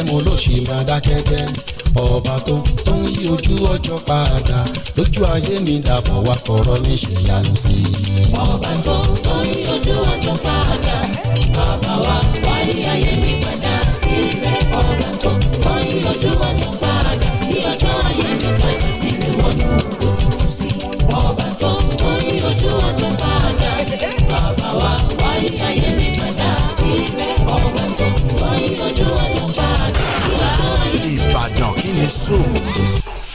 dákẹ́ mo ló ṣì máa dákẹ́ jẹ́ ọba tó tó ń yí ojú ọjọ́ padà lójú ayé mi dàbọ̀ wá fọ̀rọ̀ mi ṣe yanu sí i. ọba tó tó ń yí ojú ọjọ́ padà bàbá wa wáyé ayé mi.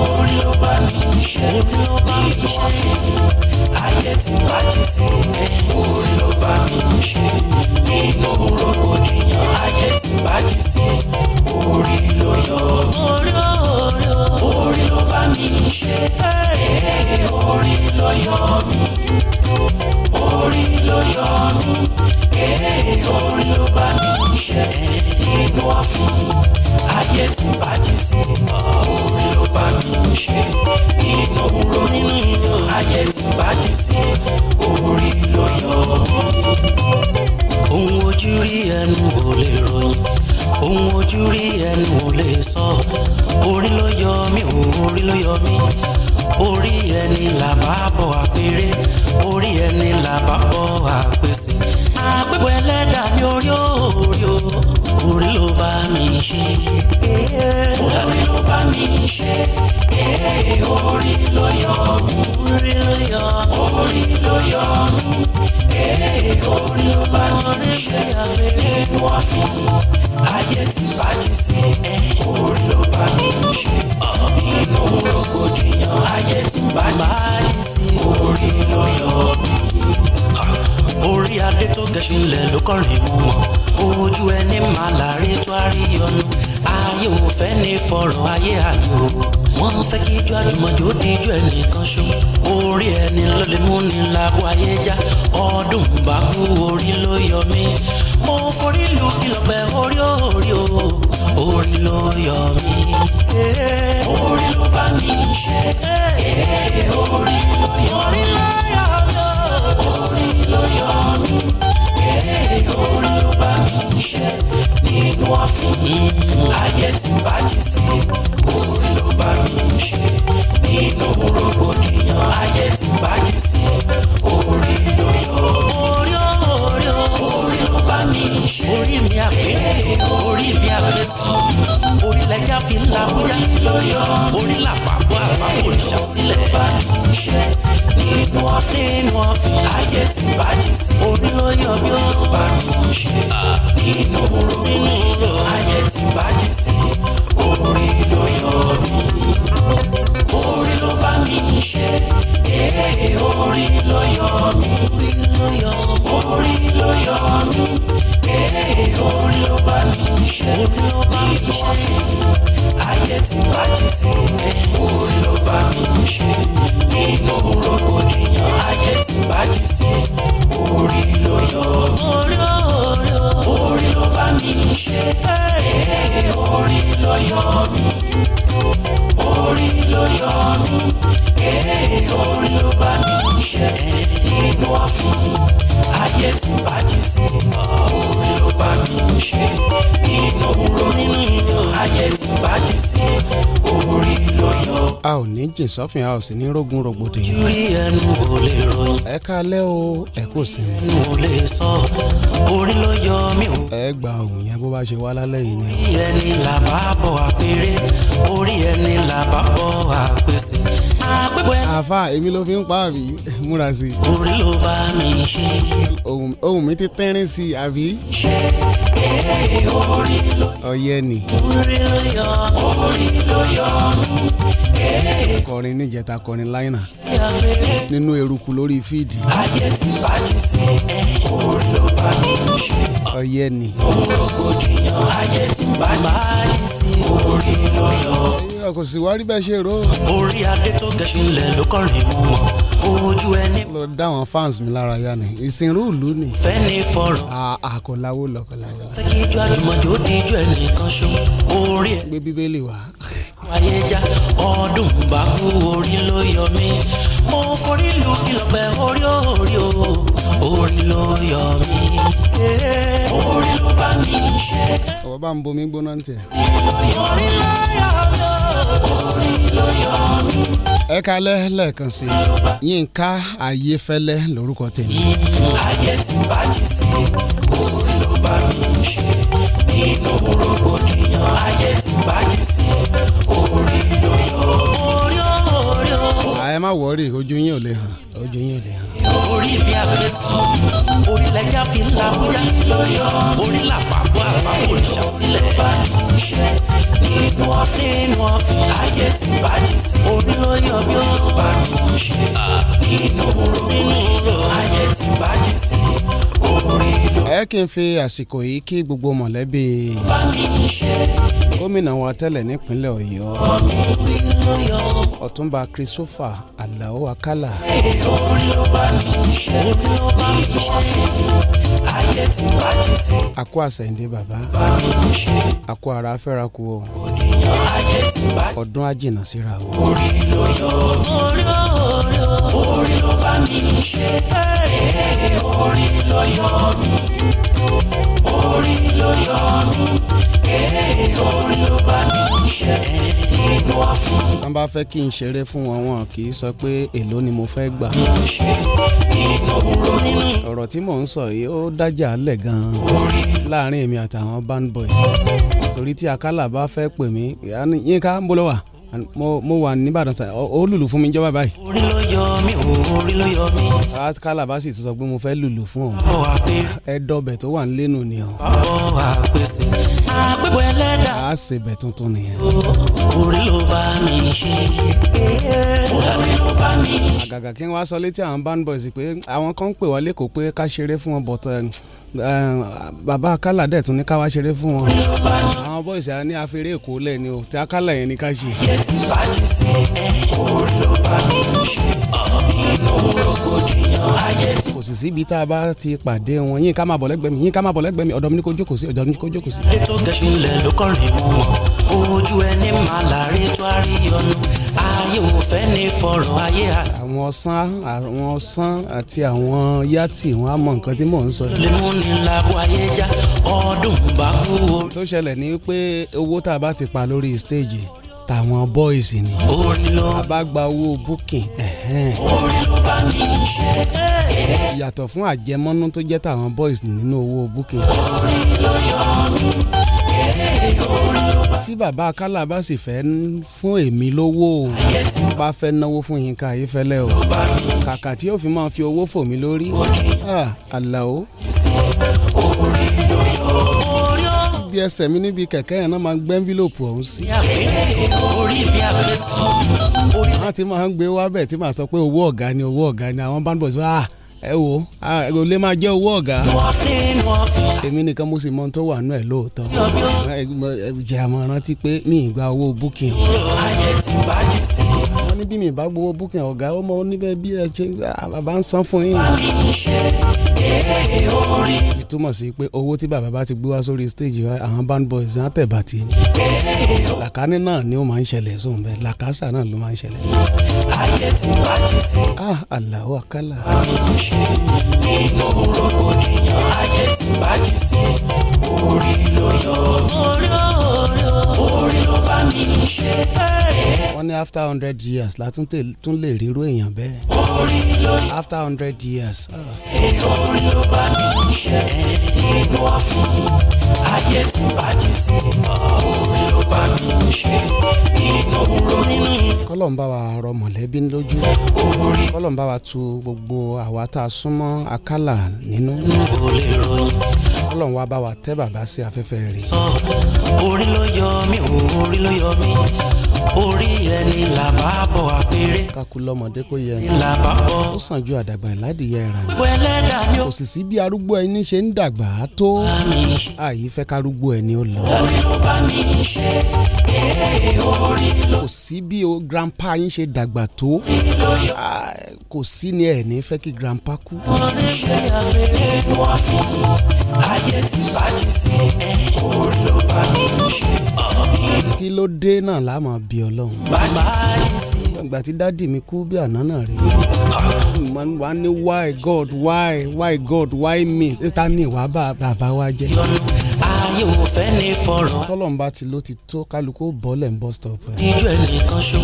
orí ló bá mi ṣe ní ìṣe ayé tí wàá jí sí orí ló bá mi ṣe nínú rògbòdìyàn ayé tí wàá jí sí orí ló yọ orí ló bá mi ṣe orí ló yọ mi orin ló yọ mí ee ló bá mi ṣe inú ọ̀fun ayé tí bàjẹ́ sí orin ló bá mi ṣe inú òwúrọ̀ nínú ayé tí bàjẹ́ sí orin ló yọ mí. ohun ojú rí ẹnu ò lè ròyìn ohun ojú rí ẹnu ò lè sọ orin ló yọ mí orin ló yọ mí orí ẹni làbá bọ̀ àpèrè orí ẹni làbá bọ̀ àpèsè àgbẹ̀bọ̀ ẹlẹ́dàá ní orí òòrí o orí ló bá mi ṣe Ìsọ̀fin House ní rógun rògbòdìyàn. ẹ kalẹ́ o ẹ kò sinmi. ẹ gba òun yẹn bó bá ṣe wá lálẹ́ yìí ni. orí ẹni là bá bọ̀ àpèrè orí ẹni là bá bọ̀ àpèsè. àfa èmi ló fi ń pa àbí múra sí i. orí ló bá mi ṣe. ohun mi ti tẹ́rín sí i àbí. ṣe é orí ló yọ. ọyẹ ni. orí ló yọ orí ló yọ kọrin níjẹta kọrin láìnà nínú eruku lórí fíìdì. ayé ti bájì sí ẹ orí ló bá mi ṣe. ọyẹ ni. rògbòdìyàn ayé ti bájì sí orí ló yọ. èèyàn kò sì wá rí bẹ́ẹ̀ ṣe rò. orí adé tó gẹ̀ṣin lẹ̀ ló kọrin mú wọn ojú ẹni. lọ dá àwọn fans mi lára yá ni ìsìnrú ìlú ni. fẹ́ni fọ̀rọ̀. àkọláwo lọkọláwo. fẹ́ kí ijó àjùmọ̀jò di ijó ẹnìkan ṣó orí ẹ. gbé bíbélì wá ayé já ọdún bá kú orí ló yọ mí mo forí lu kìlọ̀pẹ̀ orí orí o orí ló yọ mí orí ló bá mi ṣe. ọ̀wọ́ bá ń bomi gbóná ní orí ló yọ mí orí ló yọ mí. ẹ kalẹ̀ lẹ́ẹ̀kan sí i Yínká Ayéfẹ́lẹ́ lórúkọ tèmi. ayé ti bàjẹ́ sí i orí ló bá mi ṣe nínú rògbòdìyàn ayé ti bàjẹ́ sí i. má wọrí ojú yín ò lè hàn ojú yín ò lè hàn. orí mi àfẹsọ orílẹ̀-èdè fi ń la bóyá orí làpapọ̀ àpapọ̀ ìṣàsílẹ̀ bá nìyí ṣe nínú ọ̀fìn nínú ọ̀fìn ayé ti bàjẹ́ sí orí ló yọ ó bá nìyí ṣe nínú orogún ayé ti bàjẹ́ sí orí ló. ẹ kí n fi àsìkò yìí kí gbogbo mọ̀lẹ́bí gómìnà wa tẹ́lẹ̀ nípínlẹ̀ Ọ̀yọ́ ọ̀túnba christopher alao akala. àkó àsẹ̀yìndé bàbá àkó ara fẹ́ra kú o ọdún àjìnà síra o. orí ló yọ orí orí ló bá orí ló yọ mí orí ló yọ mí orí ló bá mi wọ́n bá fẹ́ kí n ṣeré fún wọn wọn kì í sọ pé èló ni mo fẹ́ gbà. ọ̀rọ̀ tí mò ń sọ yìí ó dájà lẹ̀ gan-an láàrin èmi àtàwọn band boys torí tí akálà bá fẹ́ pè mí Yínká ń bolówà mo mo wà nìbàdàn sa ó lùlù fún mi jọba báyìí. orí ló yọ mí orí ló yọ mí. kálá bá sì ti sọ pé mo fẹ́ lùlù fún ọ. ẹ dọbẹ̀ tó wà nílé nù ni ọ. ọwọ́ àpèsè àpèbọ̀ ẹlẹ́dà. a ṣe bẹ̀ tuntun nìyẹn. orí ló bá mi ṣe orí ló bá mi. àgàgà kí n wá sọ létí àwọn band boys pé àwọn kan ń pè wá lẹ́kọ̀ọ́ pé ká ṣeré fún wọn bọ̀tẹ́. Um, bàbá akálà dẹ̀ tún ní ká wá ṣeré fún wọn àwọn boys á ní afẹ́rẹ́ èkó lẹ̀ ni o tí akálà yẹn ní ká ṣe. iye tí bàjẹ́ sí ẹ kò ló bá mi ṣe inú rògbòdìyàn ayé tí. kò sì síbi tá a bá ti pàdé wọn yín ká máa bọ̀ lẹ́gbẹ̀ẹ́ mi yín ká máa bọ̀ lẹ́gbẹ̀ẹ́ mi ọ̀dọ̀ mi ní kó jókòó sí ọ̀dọ̀ mi ní kó jókòó sí. ètò gẹ̀ẹ́sì ńlẹ̀ ló kọrin mú wọn ojú ẹni máa láre tó àríyànnú ayé òun fẹ́ ní fọ̀rọ̀ ayé à. àwọn ọ̀sán àwọn ọ̀sán àti àwọn yàtì wọn á mọ nǹkan tí mò ń sọ. lè ni lago ayé já ọdún bá kú o. tó ṣẹlẹ̀ ni pé owó tá a bá ti pa lórí stage tàwọn boys ni. orin ló. a bá gba owó booking. orin ló bá mi ṣe yàtọ̀ fún àjẹmọ́nú tó jẹ́ tàwọn boys nínú owó booking. orin ló yọ mí orin ló bá. tí bàbá akálà bá sì fẹ́ fún èmi lówó o bá fẹ́ náwó fún Yínká Ayéfẹ́lẹ́ o kàkà tí ó fi máa fi owó fò mí lórí ah, Àlàó. orin ló yọ orin ó bí ẹsẹ̀ mi níbi kẹ̀kẹ́ yẹn náà máa ń gbé ọ̀hún sí. wọ́n ti máa ń gbé wá tí màá sọ pé owó ọ̀gá ni owó ọ̀gá ni àwọn band boys wá ah, ẹ wo ò lè máa jẹ́ owó ọ̀gá èmi nìkan mo sì mọ ohun tó wà nù ẹ̀ lóòótọ́ jẹ́ àmọ́ rántí pé mi ì gba owó booking wọ́n ní bí mi ì bá gbowó booking ọ̀gá ó mọ oníbẹ̀ bí ẹ ṣe bàbá ń san fún yín orin. ìtumọ̀ sí pé owó tí bàbá bá ti gbé wá sórí stage wa àwọn band boys wọn tẹ̀ bàtì ni. làkàní náà ni ó máa ń ṣẹlẹ̀ sóun bẹ́ẹ̀ làkàṣà náà ló máa ń ṣẹlẹ̀. ayé ti wájú sí. ah aláwọ̀ àkàlà. àmì ń ṣe nínú rògbòdìyàn ayé ti wájú sí orí ló yọ. orí ó mi wọ́n ní after hundred years la tún lè ríru èèyàn bẹ́ẹ̀. after hundred years. orí ló bá mi ṣe nínú àfún ayé ah. tí bàjẹ́ sí orí ló bá mi ṣe nínú òwúrọ̀ nínú. kọ́lọ̀ bá wa rọ mọ̀lẹ́bí lójú. orí. bá wa tu gbogbo àwa tá a súnmọ́ àkàlà nínú. n kò bá wa tẹ́ bàbá sí afẹ́fẹ́ rẹ̀ orí ló yọ mí orí ló yọ mí orí ẹni làbá bọ̀ àpèrè. kakú lọmọdé kò yẹ ó sàn ju àdàgbà ìládìyẹ ẹ̀ràn kò sì sí bí arúgbó ẹni ṣe ń dàgbà tó àyè fẹ́ kárúgbó ẹni ó lọ. orí ló bá mi ṣe kò sí bí o grandpa yín ṣe dàgbà tó kò sí ni ẹ̀ ní fẹ́ kí grandpa kú. kí ló dé náà láàmú bí ọlọ́run. ìgbà tí dádì mi kú bí àná náà rí wà á ní why God why why God why me ta ni ìwà bàbá wa jẹ́. ayé ò fẹ́ ní fọ̀rọ̀. tọ́lọ́mbà ti ló ti tó kálukú bọ́lẹ̀ ń bọ́ stop ẹ̀. ìjọ ẹnìkan ṣó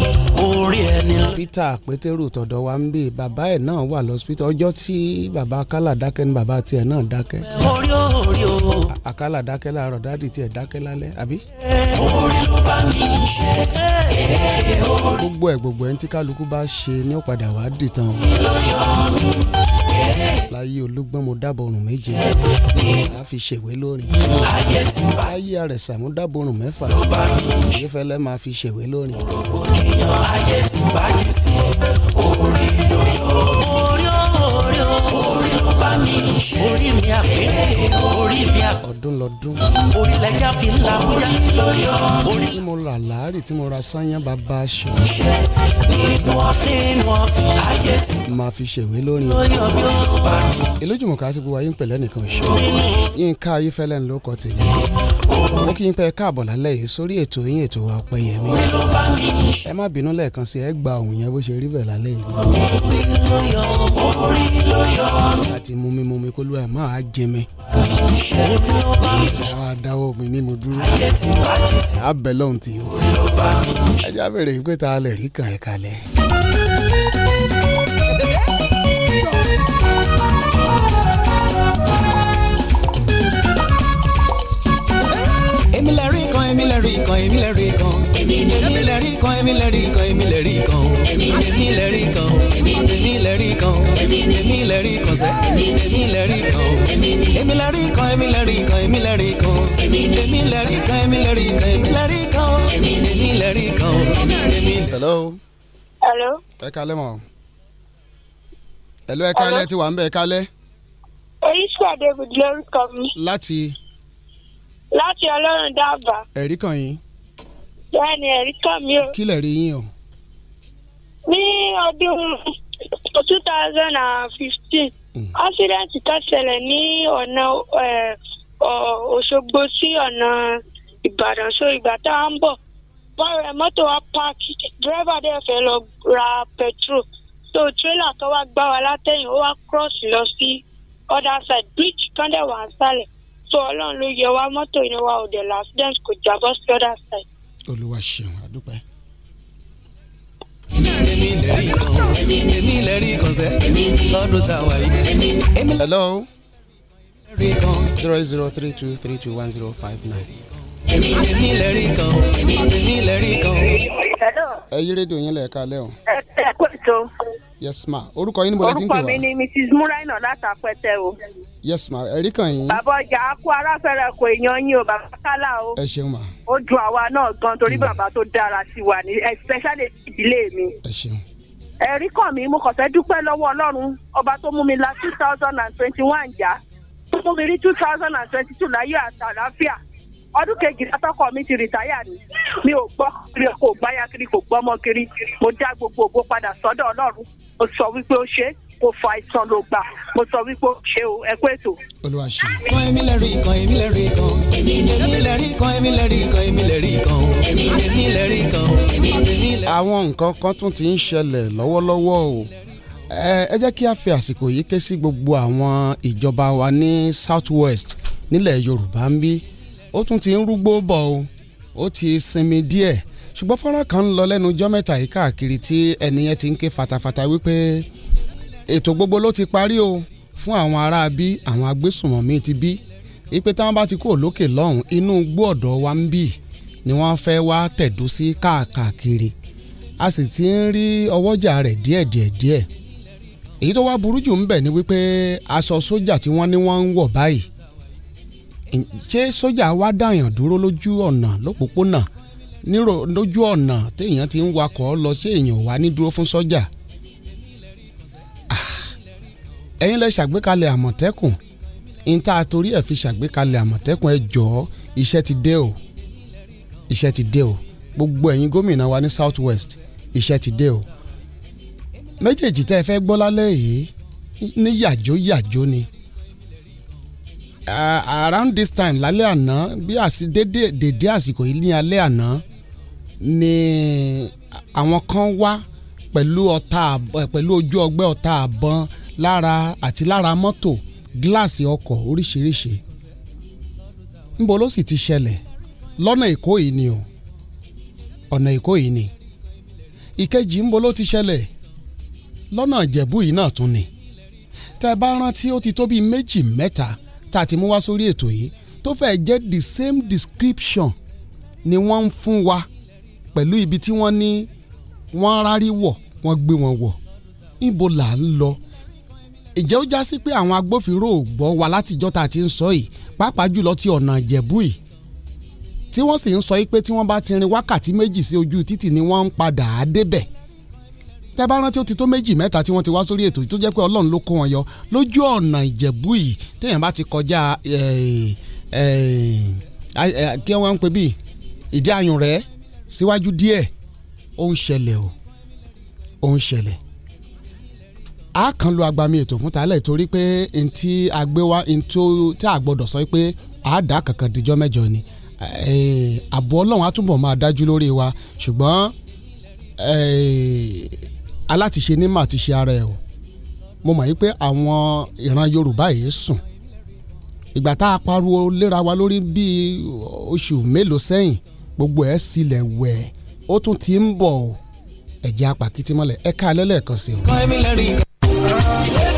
orí ẹni lọ. Peter Pétérù tọ̀dọ̀ wa ń bè bàbá ẹ̀ náà wà lọ́sípítọ̀ ọjọ́ tí bàbá Akálà dákẹ́ ni bàbá tiẹ̀ náà dákẹ́. orí orí o. Akálà dákẹ́ láàárọ̀ dádì tiẹ̀ dákẹ́ lálẹ́ àbí. orí ló bá mi ṣe é gbogbo ẹ̀ gbogbo ẹ̀ ń tí kálukú bá ṣe ní ọ̀padà wàá dìtàn láyé olúgbọ́n mo dábọ̀rùn méje a fi ṣèwé lórin láyé àrẹ̀sà mo dábọ̀rùn mẹ́fà ìyẹ́fẹ́lẹ́ máa fi ṣèwé lórin. òrògbò nìyàn ayé tí bá jì sí orí ló orí mi àpérè orí mi àpérè. ọdún lọdún. orílẹ̀-èdè fi ń la bóyá. orí ló yọ. orí tí mo ra làárì bàbá aṣọ. ṣe inú ọ̀fìn inú ọ̀fìn ayé ti. máa fi ṣèwé lórí. ló yọ bí ó bá mi. ìlú jùmọ̀ká sí gbogbo ayé ń pẹ̀lẹ́ nìkan ṣe. yín ká ayé fẹ́lẹ́ ń lóko tèmi ó kí n pẹ́ káàbọ̀ lálẹ́ yìí sórí ètò yín ètò wa ọpẹ́ yẹmí ẹ má bínú lẹ́ẹ̀kan sí ẹ gba ohùn yẹn bó ṣe rí bẹ́ẹ̀ lálẹ́ yìí. láti mú mi mú mi kó lóra máa jẹ mi. àwọn adáwọ̀ mi mímu dúró. abẹ́ lọ́hùn tí. ẹ jábẹ̀rẹ̀ pé ta lè rí kàn ẹ̀ kalẹ̀. rí kan èmi lè kan èmi lè kan èmi lè kan èmi lè kan èmi lè kan èmi lè kan èmi lè rí kan sẹ́ èmi lè rí kan èmi lè kan èmi lè kan èmi lè kan èmi lè kan èmi lè kan èmi lè kan èmi lè kan hello. hello. ẹ kalẹ́ mọ́ ẹ̀lọ́ ẹ̀ka alẹ́ ti wà ń bẹ̀ ẹ̀ka alẹ́. oríṣi àdébùdí lórúkọ mi. láti láti ọlọ́run dábàá. ẹ̀rí kan yín. bẹ́ẹ̀ni ẹ̀rí kan mi o. kí lè rí yín o. ní ọdún two thousand and fifteen hmm. accident tó ṣẹlẹ̀ ní ọ̀nà Òṣogbo sí ọ̀nà Ìbàdàn so ìgbà tá à ń bọ̀ bọ́ọ̀rẹ̀ mọ́tò wa park driver dẹ̀ fẹ́ lọ ra petrol so trailer kan wá gbá wa látẹ̀yìn ó wá cross lọ sí other side bridge kan dẹ̀ wà sálẹ̀ so ọlọ́run ló yẹ wá mọ́tò yẹn wá òde l'accident kò jábọ́ sí ọ̀dà side. olúwa ṣeun àdúpẹ́. èmi lè rí ìkànsẹ́ lọ́dún tá a wà yìí. hello zero zero three two three two one zero five nine. èmi lè rí kan èmi lè rí kan. ẹ yí rédíò yín lẹ́ẹ̀ka lẹ́hìn. ẹ kó ètò. yes ma orúkọ yín ni mo ń pè wá. orúkọ mi ni mrs muraina látàpẹ́tẹ́ o yes ma ẹ̀rí kan yín. bàbá ọjà á kó aráfẹ́rẹ́ kò èèyàn yín o bàbá kálá o. ẹ ṣeun ma. ó dùn àwa náà gan torí mm. bàbá tó dára ti wà ní especially ìdílé mi. ẹ ṣeun. ẹ̀rí kan mi mo kàn fẹ́ dúpẹ́ lọ́wọ́ ọlọ́run ọba tó mú mi la two thousand and twenty one jà tó mú mi rí two thousand and twenty two láyé àtàlàáfíà ọdún kejì látọkọ mi ti rìtáyà ni mi ò gbọ́ kiri kò gbáyà kiri kò gbọ́mọ kiri mo dá gbogbo ògbó padà sọ́dọ̀ ọlọ́run mo sọ wípé ó ṣe kò fa àìsàn ló gbà mo sọ wípé ṣé o ẹ kó ètò. olúwa ṣe. kan èmi lè rí kan èmi lè rí kan èmi lè rí kan èmi lè rí kan èmi lè rí kan èmi lè rí kan èmi lè rí kan. àwọn nǹkan kan tún ti ń ṣẹlẹ̀ lọ́wọ́lọ́wọ́ o ẹ jẹ́ kí a fi àsìkò yìí ké sí gbogbo àwọn ìjọba wa ní south west nílẹ̀ yorùbá ń bí ó tún ti ń rúgbó bọ̀ o ó ti sinmi díẹ̀ ṣùgbọ́n fọ́nrán kan ń lọ lẹ́nu jọ́ mẹ́ta yìí káàkiri tí ẹnìyẹn ti ń ké fatafata wípé ètò gbogbo ló ti parí o fún àwọn ará bí àwọn agbésùnmọ̀mí ti bí ipe táwọn bá ti kúrò lókè lọ́hùn inú igbó ọ̀dọ̀ wa ń bì ni wọ́n fẹ́ wá tẹ̀dó sí káàkiri a sì ti ń rí ọwọ́jà rẹ̀ díẹ̀díẹ̀díẹ̀ èyí tó wá burú jù ń bẹ̀ ni wípé aṣọ sójà tí wọ́n ní wọ́n ń wọ̀ báyìí ṣé sójà wá dàyàn dúró lójú ọ̀nà lópòpónà lójú ọ̀nà téèyàn ti ń wakọ̀ lọ ṣé èèyàn wá ní dúró fún sójà ẹ̀yin lẹ ṣàgbékalẹ̀ àmọ̀tẹ́kùn níta torí ẹ̀ fi ṣàgbékalẹ̀ àmọ̀tẹ́kùn ẹ jọ̀ọ́ iṣẹ́ ti dé o iṣẹ́ ti dé o gbogbo ẹ̀yin gómìnà wa ní south west iṣẹ́ ti dé o méjèèjì tẹ́ ẹ fẹ́ gbọ́ lálẹ́ yìí ní yàjó yàjó ni around this time lálẹ́ àná bí dédé àsìkò yìí ní alẹ́ àná ni àwọn kan wá pẹ̀lú ọta pẹ̀lú ojú ọgbẹ́ ọta àbọn lára àti lára mọ́tò gíláàsì ọkọ̀ oríṣiríṣi níbo ló sì ti ṣẹlẹ̀ lọ́nà èkó yìí ni o ọ̀nà èkó yìí ni ìkejì níbo ló ti ṣẹlẹ̀ lọ́nà ìjẹ̀bú yìí náà tún ni tẹ́ bá rántí ó ti tó bíi méjì mẹ́ta tá a ti mú wá sórí ètò yìí tó fẹ́ẹ́ jẹ́ the same description ni wọ́n ń fún wa pẹ̀lú ibi tí wọ́n ní wọ́n rárí wọ̀ wọ́n gbé wọn wọ̀ níbo là ń lọ ìjẹ́ ó já sí pé àwọn agbófinró ò gbọ́ wa látijọ́ tá a ti ń sọ yìí pàápàá jùlọ ti ọ̀nà ìjẹ̀bú yìí tí wọ́n sì ń sọ pé tí wọ́n bá ti rin wákàtí méjì sí ojú títì ni wọ́n ń padà á débẹ̀ tẹ́ bá rántí ó ti tó méjì mẹ́ta tí wọ́n ti wá sórí ètò yìí tó jẹ́ pé ọlọ́run ló kó wọn yọ lójú ọ̀nà ìjẹ̀bú yìí téèyàn bá ti kọjá kí wọ́n ń pè bí ìdí ayùn rẹ̀ síwájú díẹ̀ ó ń ṣẹlẹ̀ ó ń ṣẹlẹ̀ a kan lo agbami ètò fún tálẹ̀ torí pé n tí a gbé wá n tí a gbọ́dọ̀ sọ pé a dá kankan dijọ́ mẹ́jọ ni ààbò eh, ọlọ́run á túbọ̀ máa dájú lórí wa ṣùgbọ́n eh, alátiṣe ní mà ti ṣe ara ẹ̀ e o mo mọ̀ wípé àwọn ìran yorùbá yìí sùn ìgbà tá a pariwo léra wa lórí bíi oṣù mélòó sẹ́yìn gbogbo ẹ̀ e sílẹ̀ wẹ̀ ó tún ti ń bọ̀ ẹ̀jẹ̀ apàkìtìmọ́lẹ̀ ẹ̀ka e alẹ́ lẹ́ẹ̀kan sí i. Yeah.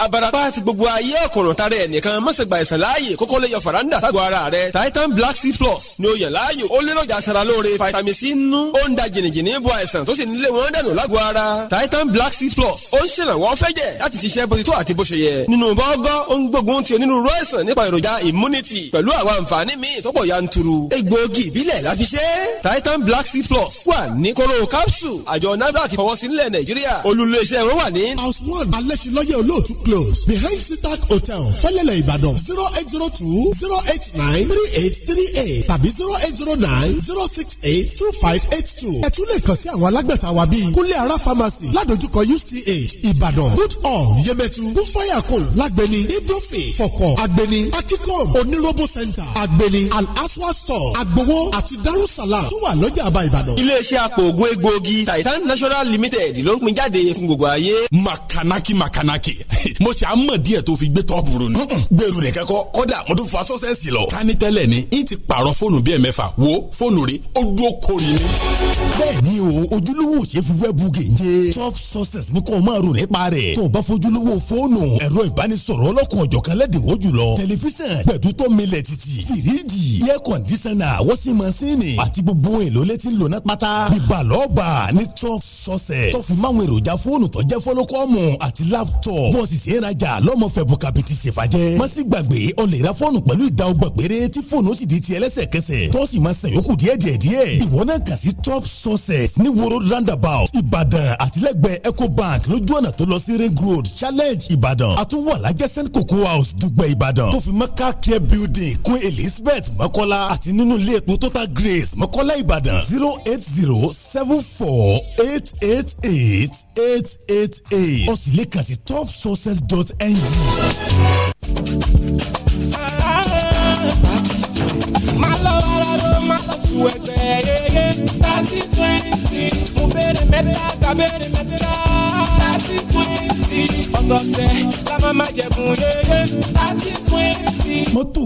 abarapá àti gbogbo ayé ọ̀kọ̀rọ̀ tara ẹnìkan mọ̀sẹ̀gbà ìsàn láàyè kókó lè yọ sago ara rẹ̀ titan black seed plus ni ó yàn láàyò ó léròjà aṣara lóore vitamin c nínú ó ń da jìnnìjìnnì bo àìsàn tó sì nílé wọn dànù lágọ̀ọ́ ara titan black seed plus ó ń ṣèrànwọ́ fẹ́jẹ̀ láti ṣiṣẹ́ bó ti tó àti bó ṣe yẹ nínú bọ́gọ́ ó ń gbógun ti onírúurú àìsàn nípa èròjà immunity pẹ̀lú àwọn àǹfààní míì tó pọ̀ yanturu egbòogi ìbílẹ̀ la ṣe titan black seed plus wà ní kóró capsule àjọ nafdac fọwọ́sí nílẹ̀ nàìjíríà olùléeṣẹ́ wọn wà ní. house one alẹ́sìlọ́yẹ̀ olóòtú close behind sitak hotel fẹ́lẹ́lẹ̀ ìbàdàn zero eight zero two zero eight nine three eight three eight tàbí zero eight zero nine zero six eight two five eight two ẹ kàn sí àwọn alágbàtà wa bíi kúnlé ara pharmacy ládojúkọ UCH ìbàdàn good all yemẹtu bufayako lágbẹni ibrofe fọkọ agbẹni akikom onirobo center agbẹni al-aswa store agbowo àti darussalam tó wà lọ́jà àbá ìbàdàn. iléeṣẹ́ àpòògùn egbòogi titan national limited ló ń pín jáde fún gbogbo ayé. makanaki makanaki mo ṣe àmọ̀ díẹ̀ tó fi gbé tọ́pù rò ni. gbèrú nìkan kọ́ kọ́dà mo tún fa sọ́sẹ̀sì lọ. ká ní tẹ́lẹ̀ ni n ti pààrọ̀ fóònù bíi ẹ̀mẹ́fà wo fóònù rí ó dúró kórìí ni. bẹ́ẹ̀ni o ojúlówó ṣe fi wẹ́ẹ̀bù gèje top success ní kò máa rò nípa rẹ̀ tó o bá fojúlówó fóònù ẹ̀rọ ìbánisọ̀rọ̀ ọlọ́kùn ọ̀jọ̀kan lẹ́dínwó jùlọ tẹlifíṣàn pẹ̀tùtọ́ milẹ̀ títì fìríjì air conditioner wọ́sí masínì àti gbogbo èlò létí lónà pátá ìbàlọ́ọ̀bà ní top success tó fi máwọn èròjà fóònù tó jẹ́ fọ́lọ́kọ́mù àti láptọ̀pù bọ́ọ̀sì ṣe é rajà lọ́mọ fẹ́ bùkàbìtì ṣèfàjẹ́. má sì gbàgbé ọ lè ra fọ́ọ̀nù pẹ̀lú ìdá ọgbà péré tí fóònù ó sì di ti ẹlẹ́sẹ̀kẹsẹ̀ tó sì máa san yòókù díẹ̀ díẹ̀ díẹ̀. ìwọ náà kà sí top sources ní woro roundabout ìbàdàn àtìlẹ́gbẹ̀ẹ́ ecobank lójú ọ̀nà tó lọ sí ring road challenge ìbàdàn àtúwọ̀ alájẹsẹ́ni cocoa house dùgbẹ̀ ìbàdàn tó fi mọ́ care building kún elizabeth mọ́kọ́lá àti nínú ilé epo total grace mọ́kọ́lá ìbàdàn zero eight zero seven four eight eight eight eight eight eight ó lè kàn sí top sources insurance.ng. máa lọ wàrà ló máa lọ sùn ẹgbẹ́ yeye thirty twenty mo béèrè mẹ́ta tàbéèrè mẹ́ta thirty twenty la máa máa jẹ̀bùn yeye thirty mọ́tò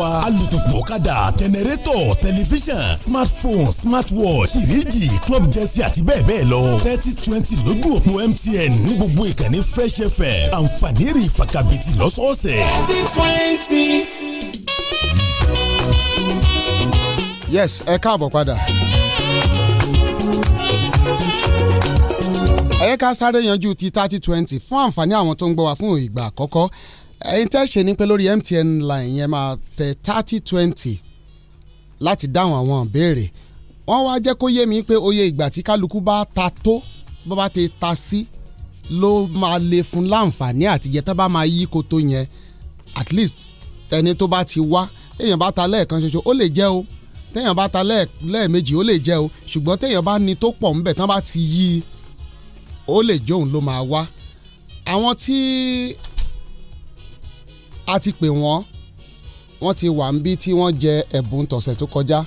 wa alùpùpù ọ̀kadà tẹnẹrétọ̀ tẹlifíṣàn smartphone smartwatch fìríjì club jẹ́sí àti bẹ́ẹ̀ bẹ́ẹ̀ lọ thirty twenty lójú òpó MTN ní gbogbo ìkànnì Fresh FM àǹfààní rí ìfakabìtì lọ́sọ̀ọ̀sẹ̀. thirty yes ẹ káàbọ̀ padà. ẹ̀yẹ́ ká sáré yanjú ti thirty twenty fún àǹfààní àwọn tó ń gbọ́ wa fún ìgbà àkọ́kọ́ ẹ̀yin tẹ́ ṣe ni pé lórí MTN line yẹn máa tẹ thirty twenty láti dáhùn àwọn ìbéèrè wọ́n wá jẹ́ kó yé mi pé oye ìgbà tí kálukú bá ta tó bó bá ti ta sí ló máa lè fún láǹfààní àtijẹ́ tá bá máa yí koto yẹn at least ẹni tó bá ti wá èèyàn bá ta lẹ́ẹ̀kan ṣoṣo ó lè jẹ́ o téèyàn bá ta lẹ́ẹ̀mejì ó lè jẹ́ o ṣùgbọ́n téèyàn bá ní tó pọ̀ ńbẹ̀ tán bá ti yí ó lè jóun ló máa wá àwọn tí a ti pè wọ́n wọ́n ti wà níbí tí wọ́n jẹ ẹ̀bùn tọ̀sẹ̀ tó kọjá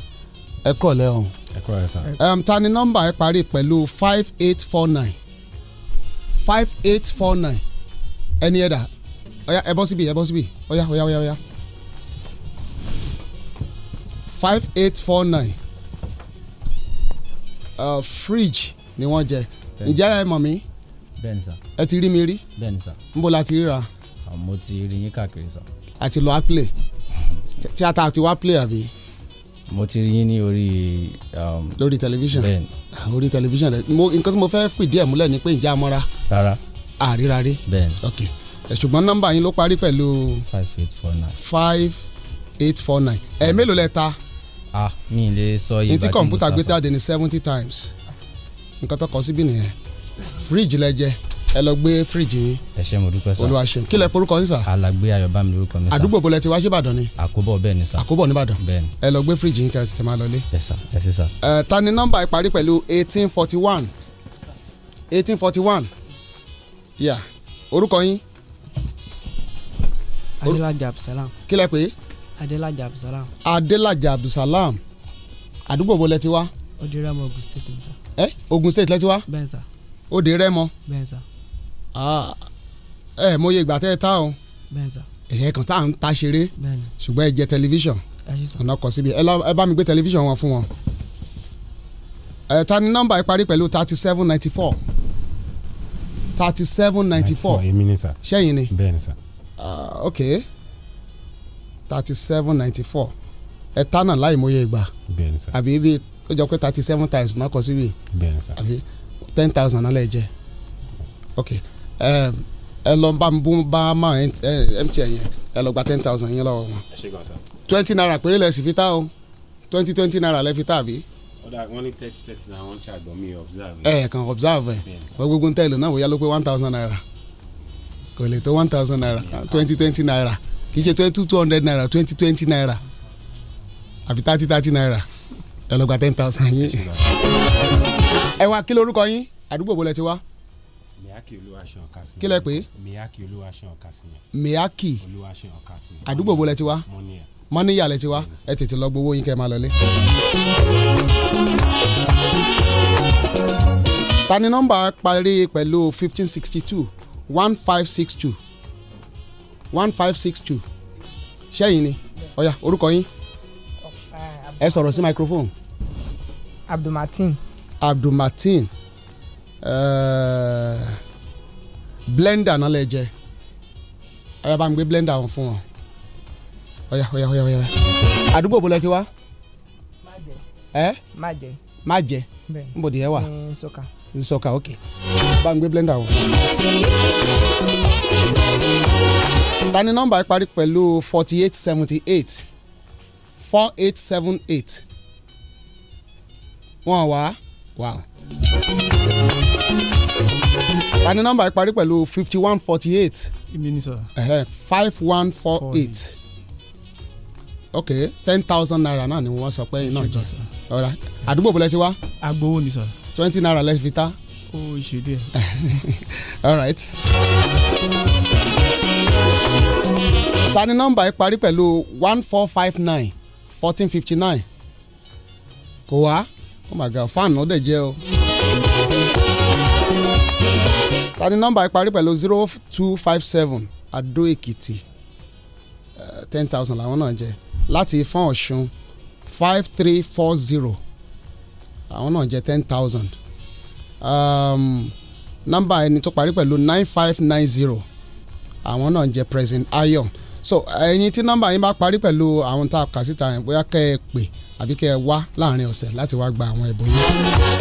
ẹ kúrọ̀lẹ́ ọ̀hún. ẹ kúrọ̀lẹ́ sá. ta ni nọ́mbà ẹ parí pẹ̀lú five eight four nine five eight four nine ẹni ẹ̀dà ọ̀yá ẹ bọ́ síbi ẹ bọ́ síbi ọ̀yá ọ̀yá ọ̀yá ọ̀yá five eight four nine fridge ni wọ́n jẹ ǹjẹ́ ẹ mọ̀ mi ẹ ti rí mi rí ń bọ̀ ti ríra mo ti rí yín káàkiri sọ. àti lọ́ọ́ play tíátà ti wá play àbí. mo ti rí yín ní orí. Um, lórí tẹlifíṣàn bẹ́ẹ̀ni orí tẹlifíṣàn rẹ nǹkan tí mo fẹ́ fìdí ẹ̀ múlẹ̀ ni pé ǹjẹ́ amọ́ra. rárá àrírarí. bẹ́ẹ̀ni ok ṣùgbọ́n nọ́mbà yín ló parí pẹ̀lú. five eight four nine. five eight four nine ẹ̀ mélòó lẹ ta. ah mi lè sọ yìí. ní ti kọ̀ǹpútà gbé jáde ní seventy times nǹkan tó kọ síbí nìyẹn fíríjì lẹ jẹ ẹ lọ gbé fíríjì yín. ẹ ṣé mo dúpẹ́ sá olúwa ṣeun kí lẹ porúkọ yín sá. alàgbé ayọ̀bámi lórúkọ mi sá. àdúgbò bolẹ̀ ti wá sí ìbàdàn ni. àkóbọ̀ bẹ́ẹ̀ ni sá. àkóbọ̀ nìbàdàn. bẹ́ẹ̀ni. ẹ lọ gbé fíríjì yín kẹ́ ẹ sì ti máa lọlé. ẹ sá ẹ sì sá. ẹ ta ni nọ́mbà ẹ pẹ̀lú eighteen forty one eighteen forty one yà orúkọ yín. adélájà abdulsalam. kí lẹ pè é. adélájà abdulsalam. adélájà abdulsalam àdúgbò bolẹ̀ ti wá. ó di rẹ́mọ ogun state mi sá. ẹ ogun state lẹ ti wá. bẹ́ẹ̀ sá. ó di rẹ́mọ. bẹ́ẹ̀ sá Ah. ẹ mọ iye ìgbà tẹ́ ẹ ta o ẹ̀yẹ kan tá à ń ta ṣeré ṣùgbọ́n ẹ jẹ tẹlifíṣàn ọ̀nà kọ síbi ẹ bá mi gbé tẹlifíṣàn wọn fún wọn. ẹ ta ni nọ́mbà ẹ parí pẹ̀lú thirty seven ninety four thirty seven ninety four ṣẹ́yìn ni bẹ́ẹ̀ ni sà. Ah, ok thirty seven ninety four ẹ ta náà láì mọye ìgbà bẹ́ẹ̀ ni sà. àbí ibi ó jọ pé thirty seven times náà kọ síbi bẹ́ẹ̀ ni sà. àbí ten thousand náà lè jẹ ok ẹ lọ bá ń bún bá máa MTN yẹn ẹ lọ gba ten thousand yẹn lọ́wọ́ wọn twenty naira péré lẹ sì fi ta o twenty twenty naira lẹ fi ta bi. ọ̀dà wọ́n ní thirty thirty naira wọ́n ṣàgbọ́ mi observe. ẹ kàn observe ẹ wọ́n gbogbo ń tẹ̀lé náà wọ́n yá ló pé one thousand naira kò lè tó one thousand naira twenty twenty naira kì í ṣe twenty two hundred naira twenty twenty naira àbí thirty thirty naira ẹ lọ gba ten thousand yín. ẹ wá kí lorúkọ yín àdúgbò wo lẹ ti wá miyaki olúwaṣẹ ọkàsíyàn. kílẹ̀ pé. miyaki olúwaṣẹ ọkàsíyàn. miyaki olúwaṣẹ ọkàsíyàn. àdúgbò bo lẹ ti wá. mọ́níyà. mọ́níyà lẹ ti wá ẹ tètè lọ gbowó yín kẹ́ ẹ máa lọlé. tani nọ́mbà parí pẹ̀lú fifteen sixty two one five six two one five six two ṣẹ́yìn ni ọ̀ya orúkọ yín uh, ẹ sọ̀rọ̀ sí microphone. abdulmateen. abdulmateen. Eh, blender náà lẹ jẹ ọyà bá ń gbé blender wọn fún wọn ọyà ọyà ọyà ọyà àdúgbò bó lẹ ti wá. májẹ. ẹ májẹ. májẹ n bò díẹ̀ wà. nsọka. nsọka ok bá ń gbé blender wọn. tani nọ́mbà ẹ parí pẹ̀lú forty eight seventy eight four eight seven eight wọ́n wá wow ta ni nọ́mbà yìí parí pẹ̀lú fifty one forty eight. ibi ni sọ. five one four eight ok ten thousand naira náà ni wọ́n sọ pé iná jẹ ọ̀rá àdúgbò bọ̀lẹ̀ ti wá. agbowó ni sọ. twenty naira lẹ́ẹ̀ fi ta. ó ṣe díẹ̀. all right. ta ni nọ́mbà yìí parí pẹ̀lú one four five nine fourteen fifty nine kò wá oh my god fan ó dẹ̀ jẹ́ o ta ni nọ́mbà ìparí pẹ̀lú zero two five seven Adó ekiti eh, ten thousand làwọn náà jẹ láti Ifọ̀n Ọ̀ṣun five three four zero àwọn náà jẹ ten thousand um, nọ́mbà ẹni tó parí pẹ̀lú nine five nine zero àwọn náà jẹ President Ayo so ẹyin tí nọ́mbà yín bá parí pẹ̀lú àwọn tá a kà síta yẹn bóyá kẹ́ ẹ pè àbí kẹ́ ẹ wá láàrin ọ̀sẹ̀ láti wá gba àwọn ẹ̀bùn yín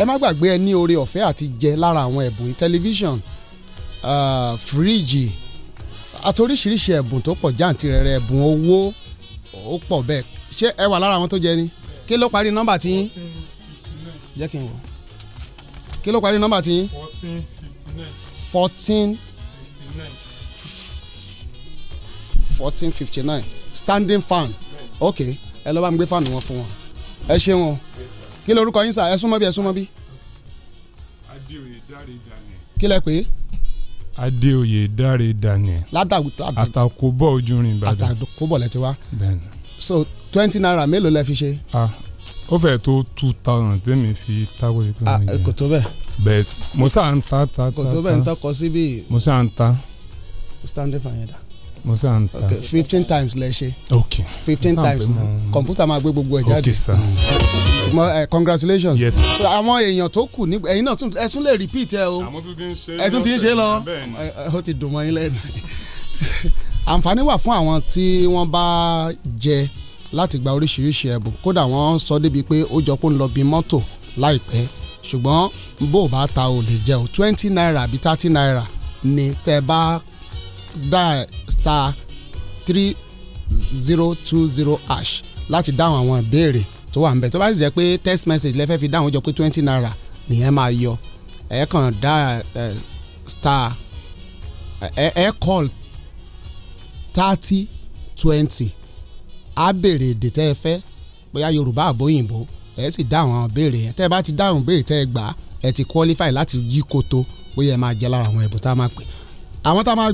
ẹ má gbàgbé ẹ ní oore ọ̀fẹ́ àti jẹ lára àwọn ẹ̀bùn yín tẹlifíṣàn Ah, fíríìjì àti oríṣiríṣi ẹ̀bùn tó pọ̀ jàǹtìrẹrẹ ẹ̀bùn owó ó pọ̀ bẹ́ẹ̀ ṣé ẹ wà lára àwọn tó jẹ ni kí ló parí nọ́mbà tí yín jẹ́ kí n wò kí ló parí nọ́mbà tí yín fourteen fourteen fifty nine standing fan ok ẹ lọ́ bá ń gbé fáànù wọn fún wọn ẹ ṣe wọn kí lorúkọ yín sà ẹ súnmọ́ bí ẹ súnmọ́ bí. kí lẹ pè é. Adéoyè Dáre Daniel. látàkùtà àtàkùbọ̀ ojúrin Ìbàdàn àtàkùbọ̀ lẹ́tí wá. so twenty naira mélòó lẹ fi ṣe. ah ó fẹ́ tó two thousand tẹ́mi fi táwọn ìpínlẹ̀ ah kò tó bẹ́ẹ̀. bẹ́ẹ̀ mo sá ń ta ta ta kò tó bẹ́ẹ̀ ń tọkọ síbí. mo sá ń ta. stanley fanyeda mo sá ta ok fifteen times lẹ ṣe ok fifteen times na kọ̀mpútà máa gbé gbogbo ẹ̀ jáde ok sir mo eh, congratulations yes sir àwọn èèyàn tó kù ní ẹ̀yin náà ẹ tún lè repeat ẹ o ẹ tún ti ń ṣe lọ ó ti dùn mọ́ yín lẹ́nu àǹfààní wà fún àwọn tí wọ́n bá jẹ láti gba oríṣiríṣi ẹ̀bùn kódà wọ́n sọ débi pé ó jọ pé ń lọ bí mọ́tò láìpẹ́ ṣùgbọ́n bó o bá ta ò lè jẹ o twenty naira àbí thirty naira ni tẹ́ bá dial star three zero two zero hash láti dáhùn àwọn ìbéèrè tó wà nbẹ tó bá sì jẹ́ pé text message lẹ́fẹ́ fi dáhùn jọ pé twenty naira nìyẹn máa yọ ẹ kàn dial star ẹ call thirty twenty á béèrè èdè tẹ́ ẹ fẹ́ bóyá yorùbá àbóyìnbó ẹ sì dáhùn àwọn béèrè yẹn tẹ́ ẹ bá ti dáhùn béèrè tẹ́ ẹ gbà ẹ ti qualify láti yí koto bóyá ẹ máa jẹ lára àwọn ẹ̀bùn tá a máa pè é àwọn tá a máa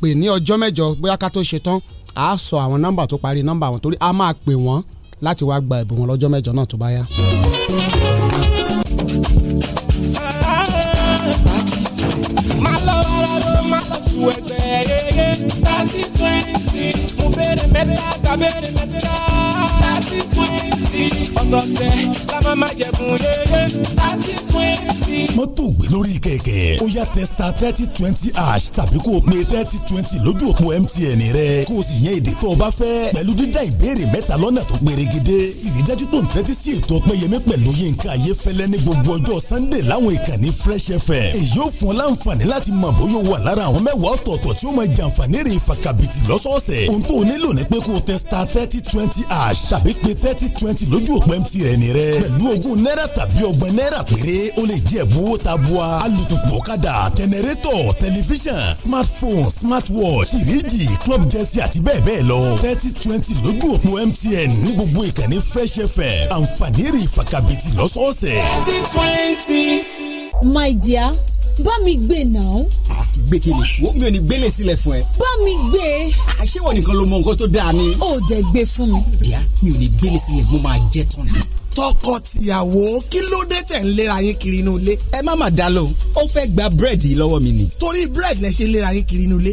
pè ní ọjọ́ mẹ́jọ bóyá ká tó ṣe tán a sọ àwọn nọ́mbà tó parí nọ́mbà wọn torí a máa pè wọ́n láti wá gba ẹ̀bùn wọn lọ́jọ́ mẹ́jọ náà tó bá yá. Thirty twenty, mo bèrè mẹ́ta, ọ̀sọ̀ọ̀sẹ̀ la máa ma jẹ̀bùn lélẹ̀ láti twenty. mọ́tò gbé lórí kẹ̀kẹ́ ó yá testa thirty twenty ash tàbí kó o pe thirty twenty lójú òpó mtn rẹ kó o sì yẹn èdè tó o bá fẹ́ pẹ̀lú dídá ìbéèrè mẹ́ta lọ́nà tó pérégedé ìrídájú tó ń tẹ́tí sí ètò ọpẹ́yẹmí pẹ̀lú yínká ayéfẹ́lẹ́ ní gbogbo ọjọ́ sunday láwọn ìkànnì fresh fm èyí ò fún ọ láǹfààní láti mọ̀ bóyá o wà lára àwọn mẹ́wàá ọ̀tọ̀ọ̀tọ̀ tí ó máa jàǹfààní rè fàkàbìtì lọ́sọ̀ọ̀sẹ̀ ohun o nílò ni pé kó o testa thirty twenty ash tàbí pe thirty thirty twenty lójú òpó mtn rẹ pẹ̀lú ogún náírà tàbí ọgbọ̀n náírà péré o lè jẹ́ ìbúwó ta bua alùpùpù ọ̀kadà kẹnẹrétọ̀ tẹlifíṣàn smartphone smartwatch fìríjì club jersey àti bẹ́ẹ̀ bẹ́ẹ̀ lọ thirty twenty lójú òpó mtn ní gbogbo ìkànnì fresh fm àǹfààní rí ìfakabìtì lọ́sọ̀ọ̀sẹ̀. thirty twenty. my dear bá mi gbé náà. Ah, gbé kí ni wo mi ò ní gbélé sílẹ̀ fún ẹ. bá mi gbé. Ah, ṣé wọn nìkan ló mọ nǹkan tó dáa ni. ó dẹ gbé fún mi. díà mi ò ní gbélé sílẹ̀ mo máa jẹ tán ni tọkọ-tìyàwó kí ló dé tẹ̀ ń léra yín kiri inú ilé. ẹ má mà dá lóhùn ó fẹ́ gba búrẹ́dì lọ́wọ́ mi ni. torí búrẹ́dì lẹ ṣe léra yín kiri inú ilé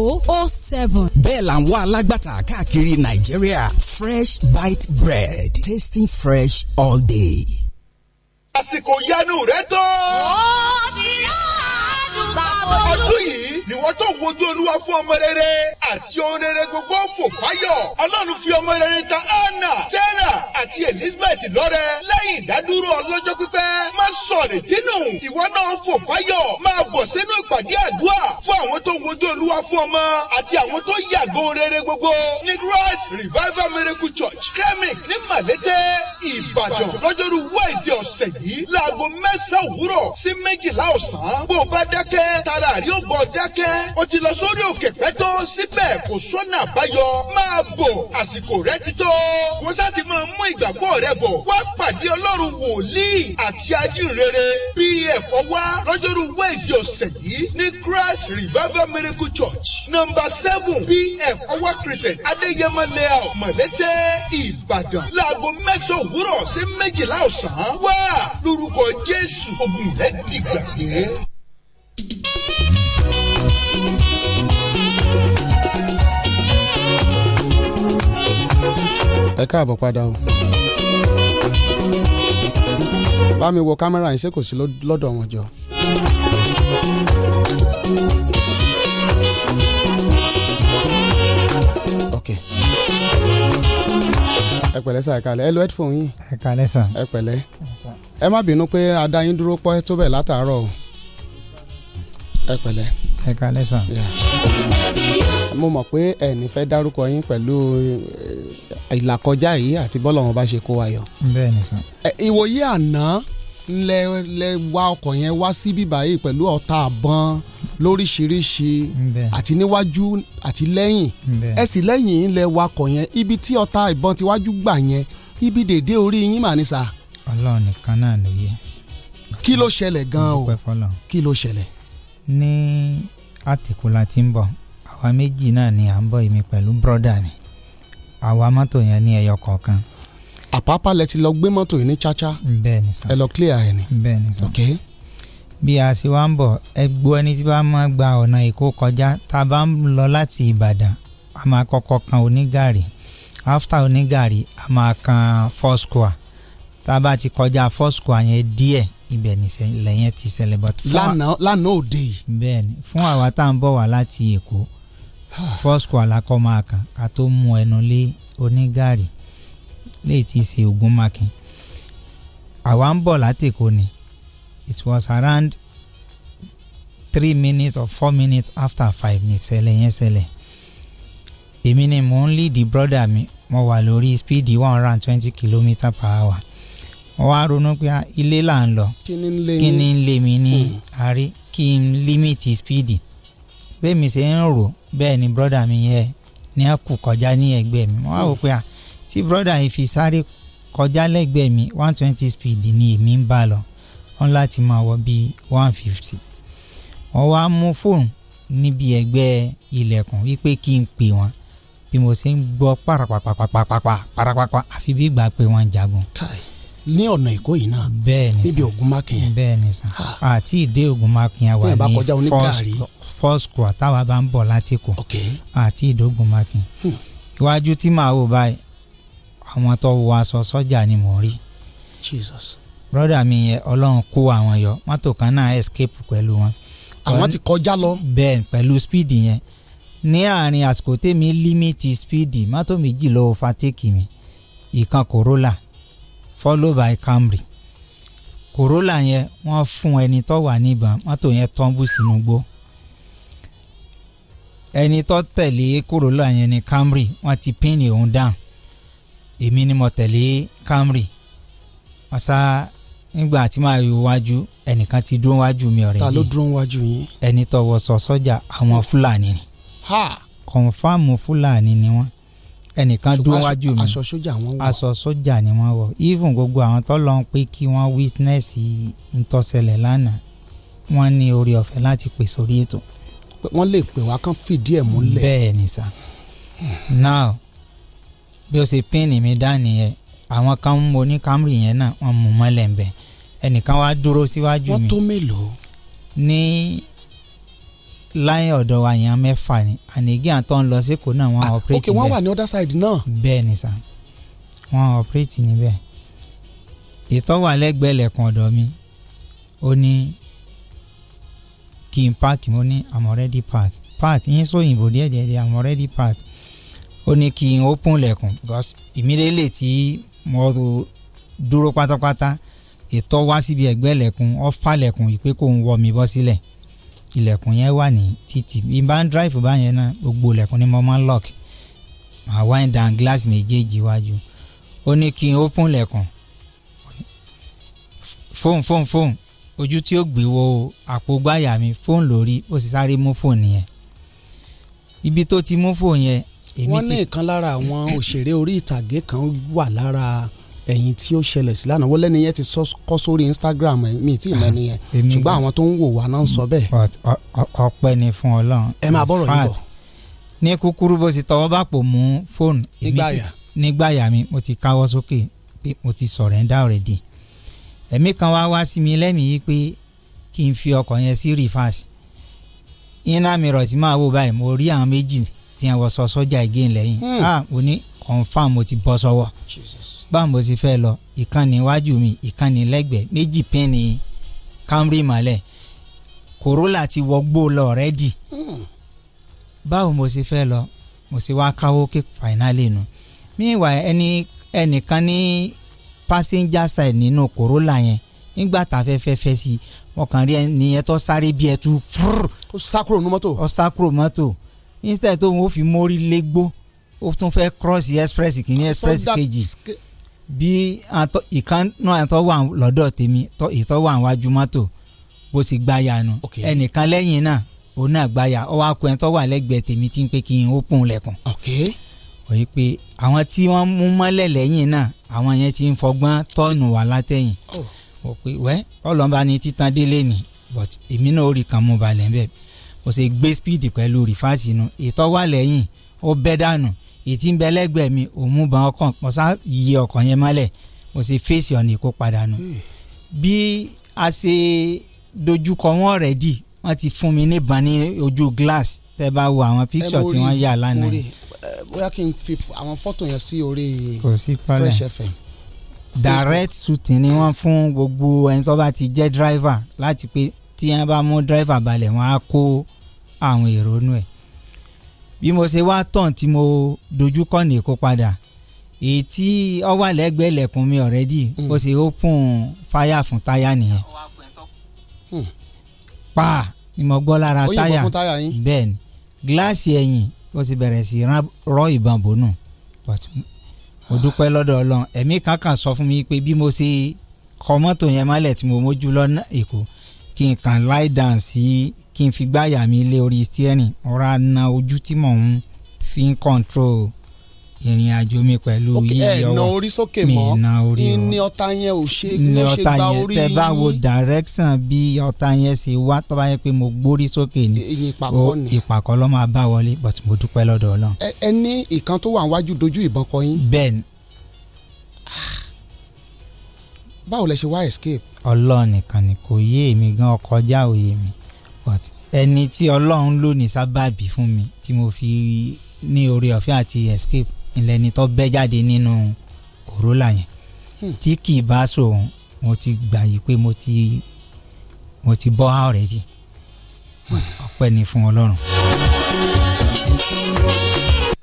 zero oh seven. bẹ́ẹ̀ là ń wá alágbàtà káàkiri nàìjíríà fresh bite bread tasting fresh all day. àsìkò yanu rẹ tó. ó ti rà ọdún yìí ni wọ́n tó wojú olúwa fún ọmọ rere àti ohun gbogbo fò fáyọ̀ fi ọmọ rere ta anna sarah àti elizabeth lọ́rẹ lẹ́yìn ìdádúró ọlọ́jọ́ pípẹ́ má sọ̀rọ̀ tínú ìwọ náà fò fáyọ̀ máa bọ̀ sínú ìpàdé àdúrà fún àwọn tó wojú olúwa fún ọmọ àti àwọn tó yàgò rere gbogbo ní christ revival miracle church kremik ní malete ìbàdàn lọ́jọ́rú wẹ́ẹ̀sì ọ̀sẹ̀ yìí láago mẹ́sàn-án òwúrọ̀ sí méjìlá ọ̀sán bó bá dá dákẹ́ tara rí ó dákẹ́ o ti lọ sórí òkè pẹ́tọ́ síbẹ̀ kò sọ́nà àbáyọ máa bọ̀ àsìkò rẹ ti tó wọ́n sá ti máa mú ìgbàgbọ́ rẹ bọ̀ wá pàdé ọlọ́run wòlíì àti ajínrere pf ọwá lọ́jọ́rú wẹ́ẹ̀sì ọ̀sẹ̀ yìí ní christ revival miracle church number seven pf ọwá christian adéyẹmọ layout mọ̀lẹ́tẹ̀ ìbàdàn láago mẹ́sàn-án òwúrọ̀ sí méjìlá ọ̀sán wá lórúkọ jésù ogun rẹ dìgbà yẹn ẹ káàbọ̀ padà o bá mi wo kámẹ́rà yín ṣé kò sí lọ́dọ̀ wọn jọ. ẹ pẹ̀lẹ́ sà ẹ kálẹ́ ẹ lo headphone yín. ẹ kálẹ́ sà. ẹ pẹ̀lẹ́ ẹ má bínú pé a yín dúró pẹ́ tó bẹ̀ látàárọ̀ o ẹ pẹ̀lẹ́. ẹ kalẹ sàn. mo mọ̀ pé ẹnì fẹ́ dárúkọ yín pẹ̀lú eh, ìlàkọjá yìí àti bọ́lá wọn bá ṣe kó wa yọ. bẹ́ẹ̀ ni sàn. ìwòye àná lẹ lẹ wa ọkọ̀ yẹn wá sí bíbá yìí pẹ̀lú ọ̀tá àbọn lóríṣiríṣi àti níwájú àti lẹ́yìn ẹ sì lẹ́yìn lẹ wakọ̀ yẹn ibi tí ọ̀tá ìbọn ti wájú gbà yẹn ibi dèdè orí yín mà ní sà. Ọlọ́run nìkan náà ló yẹ. kí ló ṣẹlẹ̀ gan-an o kí ló ṣẹlẹ̀ ní àtìkù la ti ń bọ̀ àwa méjì náà ni à ń bọ̀ èmi pẹ̀lú brọ́dà mi àwa mọ́tò yẹn ní ẹyọ kọ̀ọ̀kan. àpápá lẹ ti lọ gbé mọ́tò yìí ní chacha. bẹ́ẹ̀ ni sàn ẹ lọ clear ẹ ni. bẹ́ẹ̀ ni sàn ok. bí a ṣe wá ń bọ̀ ẹ gbọ́ ẹni tí bá máa gba ọ̀nà èkó kọjá tá a bá ń lọ láti ìbàdàn a máa kọ́kọ́ kan onígàrí after onígàrí a máa kan four square tá a bá ti kọjá four square yẹn díẹ̀ ibẹ̀ nìṣẹ̀lẹ̀ yẹn ti ṣẹlẹ̀ but fún lánàá lánàá òde yìí. bẹ́ẹ̀ni fún àwa tá à ń bọ̀ wá láti èkó fọ́sùkù alákọ̀ máa kàn ká tó mú ẹnu lé onígàrí léyìí ti ṣe ogun makin àwa ń bọ̀ láti èkó ni it was around three minutes or four minutes after five ní ṣẹlẹ̀ yẹn ṣẹlẹ̀ èmi ni mò ń lead brother mi mo wà lórí speed one hundred and twenty kilometre per hour wọ́n wá ronú pé ah, ilé là ń lọ kí ni ń lé mi ní àárí hmm. kí n límìtì spíìdì bẹ́ẹ̀ mi ṣe ń rò bẹ́ẹ̀ ni brọ́dà mi yẹ ní àkù kọjá ní ẹgbẹ́ mi wọ́n wá wò hmm. pé ah, tí brọ́dà yìí fi sáré kọjá lẹ́gbẹ̀ẹ́ mi one twenty speed ni èmi ń bá lọ wọ́n láti máa wọ bíi one fifty wọ́n wá mú fóònù níbi ẹgbẹ́ ilẹ̀kùn wípé kí n pè wọ́n bí mo ṣe ń gbọ́ pàràpàpàpàpàpà àfi bí ìgbà pé wọ́n jagun. Kai ní ọ̀nà èkó yìí náà bẹ́ẹ̀ni sá níbi ògùn mákìyàn bẹ́ẹ̀ni sá àti ìdé ògùn mákìyàn wà ní first square táwa bá ń bọ̀ láti kù àti ìdé ògùn mákìyàn hmm. iwájú tí màá wò báyìí àwọn tó wọ aṣọ sọ́jà ni mò ń rí Jesus brọ́dà mi yẹn ọlọ́run kó àwọn yọ mọ́tò kan náà escape pẹ̀lú wọn. àwọn ti kọjá lọ. bẹ́ẹ̀ pẹ̀lú speed yẹn ní àárín àsìkò tèmi límítì speed mọ́tò méjì ló overtake mi ìkan Corolla followed by Camry Corolla yẹn wọ́n fún ẹni tó wà níbọn mọ́tò yẹn tọ́ǹbù sínú gbó ẹni tó tẹ̀lé Corolla yẹn ni Camry wọ́n ti pín òun down èmi ni mo tẹ̀lé Camry wọ́n sá nígbà tí màá yọ wájú ẹnìkan ti dúró wájú mi ọ̀rẹ́ yìí ta ló dúró wájú yín ẹni tó wọ sọ sọ́jà àwọn Fúlàní ni confam Fúlàní ni wọ́n ẹnìkan dúró wájú mi aṣọ sójà wọn wọ aṣọ sójà ni wọ́n wọ even gbogbo àwọn tó lọ ń pé kí wọ́n witness ntọ́sẹ̀lẹ̀ lánàá wọ́n ní orí ọ̀fẹ́ láti pè sórí ètò. wọ́n lè pè wá kán fìdí ẹ̀ múlẹ̀. bẹ́ẹ̀ ni sà now bí o ṣe pín mi dání yẹn àwọn kan ń mo ní Camry yẹn náà wọ́n mú mọ́lẹ̀ ń bẹ̀ ẹnìkan wá dúró síwájú mi. wọ́n tó mélòó. ní láyìn ọ̀dọ̀ wa yẹn mẹ́fà ni ànígí àtọ́ ń lọ sí kò náà wọ́n ah, operate níbẹ̀. ok wọ́n wà ní other side náà. bẹ́ẹ̀ ni sà wọ́n operate níbẹ̀ ìtọ́ wà lẹ́gbẹ̀ẹ́ lẹ̀kùn ọ̀dọ̀ mi ó ní kí n park mo ní i'm park park yín sóyìnbó díẹ̀ díẹ̀ díẹ̀ i'm park ó ní kí n open lẹ̀kùn because immediately tí mo dúró pátápátá ìtọ́ wá síbi ẹ̀gbẹ́ lẹ̀kùn ó fà lẹ̀kùn ìpè kò ń wọ mi bọ́ sílẹ̀. Si ilẹ̀kùn yẹn wà ní títì bí n bá ń drive báyẹn náà gbogbo ilẹ̀kùn ni mo máa ń lock màá wind down glass méjèèjì iwájú ó ní kí n open ilẹ̀kùn fóònù fóònù fóònù ojú tí ó gbé wo àpò gbáyà mi fóònù lórí ó sì sáré mú fóònù yẹn ibi tó ti mú fóònù yẹn wọ́n ní ìkan lára àwọn òṣèré orí ìtàgé kan wà lára ẹ̀yìn tí ó ṣẹlẹ̀ sí lánàá wọ́n lẹ́ni yẹn ti kọ́ sórí Instagram mi tí ìmọ̀ ẹni yẹn ṣùgbọ́n àwọn tó ń wò wá náà ń sọ bẹ́ẹ̀. ọpẹ́ ni fún Ọlọ́run ẹ máa bọ̀rọ̀ yín bọ̀. ní kúkúrú bó ti tọwọ́ bá pò mú fóònù nígbàyà mi mo ti káwọ́ sókè pé mo ti sọ̀rẹ́ńdà already ẹ̀mí kan wá wá sí mi lẹ́mìí pé kí n fi ọkọ̀ yẹn sí rìfáàsì iná mi rọ̀ tí máa wò báyìí mo rí àwọn méjì tí wọ́n wọṣọ sọ́jà igé lẹ́yìn hmm. ah mo ní confam mo ti bọ́ sọ́wọ́ báwo mo ti fẹ́ lọ ìkànnì iwájú mi ìkànnì lẹ́gbẹ̀ẹ́ méjì pẹ́ẹ́nì Camry malẹ̀ Corolla ti wọgbó lọ rẹ́dì hmm. báwo mo ti fẹ́ lọ mo sì wá káwó ké fainálì nu míwà ẹni ẹnìkan ní passenger side nínú Corolla yẹn nígbà tá a fẹ́ fẹ́ fẹ́ sí i wọ́n kàn rí ẹni yẹn tó sáré bí ẹ tú fúrú. ó sá kúrò ní mọ́tò. ó sá kúrò mọ́tò instead tó wọn ò fi mórí légbó ó tún fẹ́ cross express kìíní express kejì bí ìkànnà àtọ́ wà lọ́dọ̀ tèmi ìtọ́ wà wájú mọ́tò bó ti gbáya nu ẹnìkan lẹ́yìn náà òun náà gbáya ọwọ́ akọ ẹ̀ tó wà lẹ́gbẹ̀ẹ́ tèmi tí ń pé kí n ó pùn lẹ́kùn. òye pé àwọn tí wọ́n mú mọ́lẹ̀ lẹ́yìn náà àwọn yẹn ti ń fọgbọ́n tọ́ọ̀nù wà látẹ̀yìn. Oh. ó pé wẹ́ ọlọ́mọba ni títan délé ni but èmi náà ó rí kan mú balẹ̀ bẹ́ẹ̀ kò sì gbé speed pẹ̀lú rìfáàtì inú ìtọ́ wà lẹ́yìn ó bẹ́ dànù ètí ń bẹ lẹ́gbẹ̀ẹ́ mi òun ban ọkàn mo sá yí ọkàn yẹn mọ́lẹ̀ mo sì fèsì ọ̀nà ìkó padà nù. Hmm. bí a ṣe dojúkọ wọn rẹ̀ dì wọ́n ti fún mi níbọn ní ojú glass tẹ́ bá wo àwọn picture tí wọ́n yà lánàá yìí. Eh, bóyá kí n fi àwọn fọ́tò yẹn sí orí Fresh FM direct suti ni wọ́n fún gbogbo ẹni tó bá ti jẹ́ driver láti pé tí wọ́n bá mú driver balẹ̀ wọ́n á kó àwọn èrò inú ẹ̀ bí mo ṣe wá tàn tí mo dojú kọ́ ní kó padà èyí tí ọ wà mi ọ̀rẹ́dì hmm. ó ṣe open fire fún táyà nìyẹn hmm. pa ni mo gbọ́ lára táyà bẹ́ẹ̀ ni gíláàsì ẹ̀yìn ó ti bẹ̀rẹ̀ sí rọ ìbọn bònú mo dúpẹ́ lọ́dọ̀ ọlọ́run ẹ̀mí kankan sọ fún mi pé bí mo ṣe kọ mọ́tò yẹn mọ́lẹ̀ tí mo mójú lọ́nà èkó kí n kàn láì dàn sí kí n fi gbáyà mi lé orí steering ọ̀rá na ojú tí mò ń fi ń control ìrìn àjò mi pẹ̀lú yíyí ọwọ́ mi na orí o ní ọta yẹn ò ṣe ló ṣe gba orí yín tẹ bá wo direction bí ọta yẹn ṣe wá tó bá yẹ pé mo gbórí sókè ni ìpàkọ́ ló máa bá wọlé but mo dúpẹ́ lọ́dọ̀ Ọlọ́run. ẹ ní ìkan tó wà wájú dojú ìbọn kọ yín. bẹ́ẹ̀ni. báwo lẹ ṣe wá escape. Ọlọ́run nìkan ni kò yé èmi gan ọkọjá òye mi ẹni tí ọlọ́run lò ní sábàbí fún mi tí mo fi ní orí ọ̀fẹ́ àti escape ilẹ̀ ni tó bẹ́ jáde nínú kòrólà yẹn hmm. tí kì í bá sòun mo ti gbà yí pé mo ti mo ti bọ́ already hmm. ọpẹ́ ni fún ọlọ́run.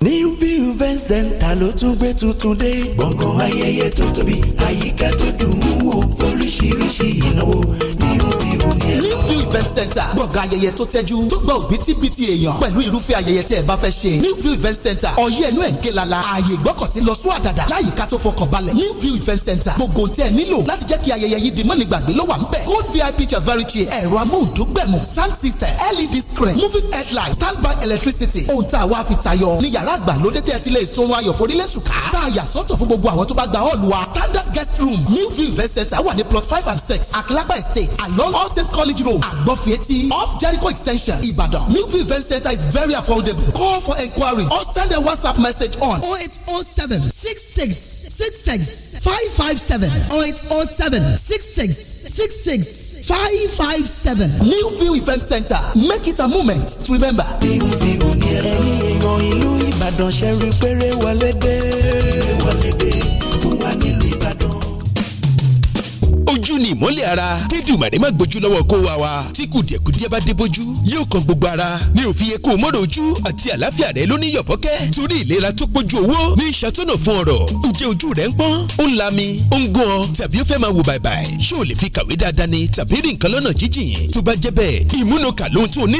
New View Center ló tún gbé tuntun dé gbọ̀ngàn ayẹyẹ tó tóbi àyíká tó dùn ún wò fọlọ́ oríṣiríṣi ìnáwó ní òde òní ẹ̀kọ́. Newview event center gbọ̀ngàn ayẹyẹ tó tẹ́jú tó gbọ́ òbítíbitì èèyàn pẹ̀lú irúfẹ́ ayẹyẹ tẹ́ ẹ bá fẹ́ ṣe. Newview event center ọyẹ́ ẹnu ẹ̀ ń ké lala ààyè ìgbọ́kọ̀sí lọ sún àdàdà láyìíká tó fọkàn balẹ̀. Newview event center gbogbo tẹ́ ẹ nílò láti jẹ́ kí ayẹyẹ yìí di mọ́ni gbàgbé ló wà ń bẹ̀. gold vip chavari chair ẹ̀rọ amóhùndógbẹ̀mù sound system led screen moving headlight standby electricity ohun tá a wá fi tayọ ní yàrá àgbàlódé tẹ́ ẹ ti lè sunrun ayọ̀ forílẹ̀ sùkà tá a yà sọ́tọ̀ fún gbogbo àwọn tó bá gba hall wa standard guest room Newview event center wà ní plus five and six Akilapa estate along all saints college road agbofi eighty off jericho extension ibadan milview event center is very affordable call for enquiry or send a whatsapp message on 0807 66 66 557 0807 66 66 557 Newview event center make it a moment to remember. ìlú ìbàdàn ṣe rí péré wọlé dé fún wa nílùú ojú ni ìmọ́lẹ̀ ara kédùmàdé má gbójú lọ́wọ́ kó wa wa tí kùdìẹ̀kùdìẹ̀ bá dé bójú yóò kan gbogbo ara ní òfin yẹ kó o mọ́rọ̀ ojú àti àlàáfíà rẹ lóní yọ̀bọ́kẹ́ torí ìlera tó pójú owó ní ìṣàtúnà fún ọ̀rọ̀ ǹjẹ́ ojú rẹ ń pọ́n ó ń lami ó ń gún ọ tàbí ó fẹ́ máa wò bàìbàì ṣé o lè fi kàwé dáadáa ni tàbí rìn kan lọ́nà jíjìn tó bá jẹ́ bẹ́ẹ̀ ìmúnokà ló ni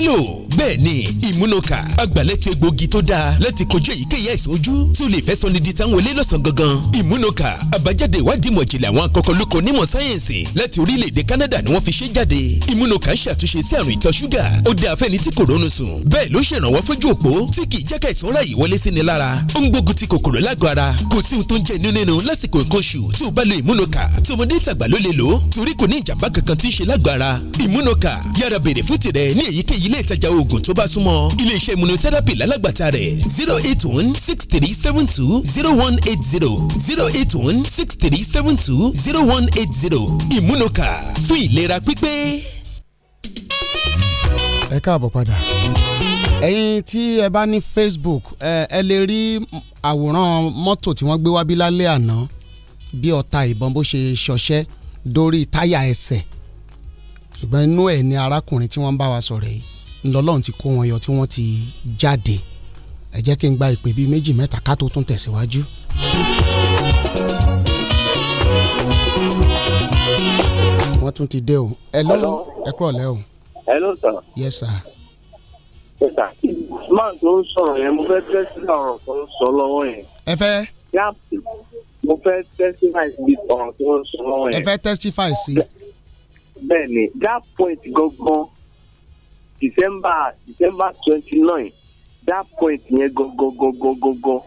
ìmúnokà agbálẹ́tọ̀ sáyẹ́ǹsì láti orílẹ̀-èdè Canada ni wọ́n fi ṣe jáde ìmúnukàn ṣàtúnṣe sí àrùn ìtọ̀ ṣúgà ó dá afẹ́ni tí kò rónú sùn bẹ́ẹ̀ ló ṣèrànwọ́ fójú òpó tí kì í jẹ́ ká ìsanra yìí wọlé sí ni lára ó ń gbógun ti kòkòrò lágọ̀ ara kò sí ohun tó ń jẹ inú nínú lásìkò nǹkan oṣù tí o bá lo ìmúnukàn tọmọdé tàgbà ló lè lò ó torí kò ní ìjàmbá kankan tí ń ṣe lágọ̀ ara ìmúnukàn yára béèrè fún tirẹ̀ ní èyíkéyìí ilé ìtajà oògùn tó bá súnmọ́ iléeṣẹ́ immunotherapy lálágbàtà rẹ̀ zero eight one six three seven two zero one eight zero zero eight one six three seven two zero one eight zero ìmúnukà fún ìlera pípé. ẹ káàbọ̀ padà ẹ̀yin tí ẹ bá ní Facebook ẹ lè rí àwòrán mọ́tò tí wọ́n gbé wá bí lálẹ́ àná bí ọta ìbọn bó ṣe ṣọṣẹ́ dórí táyà ẹsẹ̀ ṣùgbọ́n inú ẹ̀ ni arákùnrin tí wọ́n ń bá wa sọ̀rọ̀ yìí ńlọ́lọ́run ti kó wọn yọ tí wọ́n ti jáde ẹ jẹ́ kí n gba ìpè bíi méjì mẹ́ta ká tó tún tẹ̀síwájú. wọ́n tún ti dé o hello ẹ kúrọ̀ lẹ́ o. hello sir. yes sir. yes sir man tó ń sọ̀rọ̀ yẹn mo fẹ́ tẹ́ sí ọ̀rọ̀ tó ń sọ lọ́wọ́ yẹn. ẹ fẹ́. mo fẹ́ testify sí ọ̀rọ̀ tó ń sọ lọ́wọ́ yẹn. ẹ fẹ́ testify sí. bẹ́ẹ̀ni that point gangan december december twenty nine that point yẹn gangan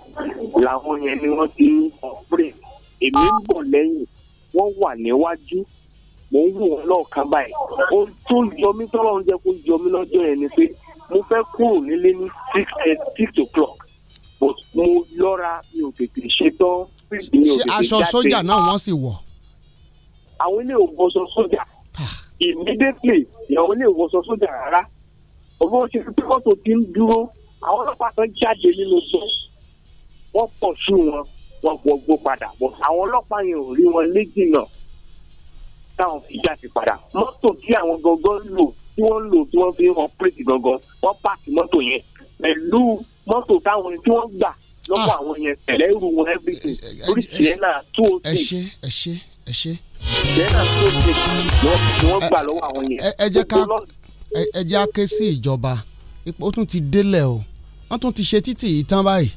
làwọn yẹn ni wọ́n ti ń operate èmi ń bọ̀ lẹ́yìn wọ́n wà níwájú mò ń wò wọn lọ́ọ̀kan báyìí ohun tó yọ mí tọ́lọ́ ń jẹ́ kó yọ mí lọ́jọ́ yẹn ni pé mo fẹ́ kúrò nílé ní six eh, six o'clock but mo lọ́ra mi ò tètè ṣetán mi ò tètè jáde. aṣọ sójà náà wọ́n sì wọ̀. àwọn ilé ò sójà ah. immediately ìyàwó ilé ò sójà rárá ọgbọ́n ṣe fi pẹ́kọ́tò ti ń dúró àwọn ọlọ́pàá kan jáde nínú gbọ́ wọ́n pọ̀ sí wọn wọ́n gbọ́ padà bọ̀ àwọn ọlọ́pàá yẹn ò rí wọn léjì náà táwọn fi jáde padà mọ́tò tí àwọn gangan lò tí wọ́n lò tí wọ́n fi hàn pírètì wọ́n pààkì mọ́tò yẹn pẹ̀lú mọ́tò táwọn tí wọ́n gbà lọ́pọ̀ ah. àwọn yẹn tẹ̀lé irú wọn everything lórí sienna two oh six. ẹ ṣe ẹ ṣe ẹ ṣe. sienna two oh six ni wọ́n gbà lọ́wọ́ àwọn yẹn. ẹ jẹ́ ká sí ìjọba ipò tún ti délẹ̀ o wọ́n tún ti ṣe títì yìí báyìí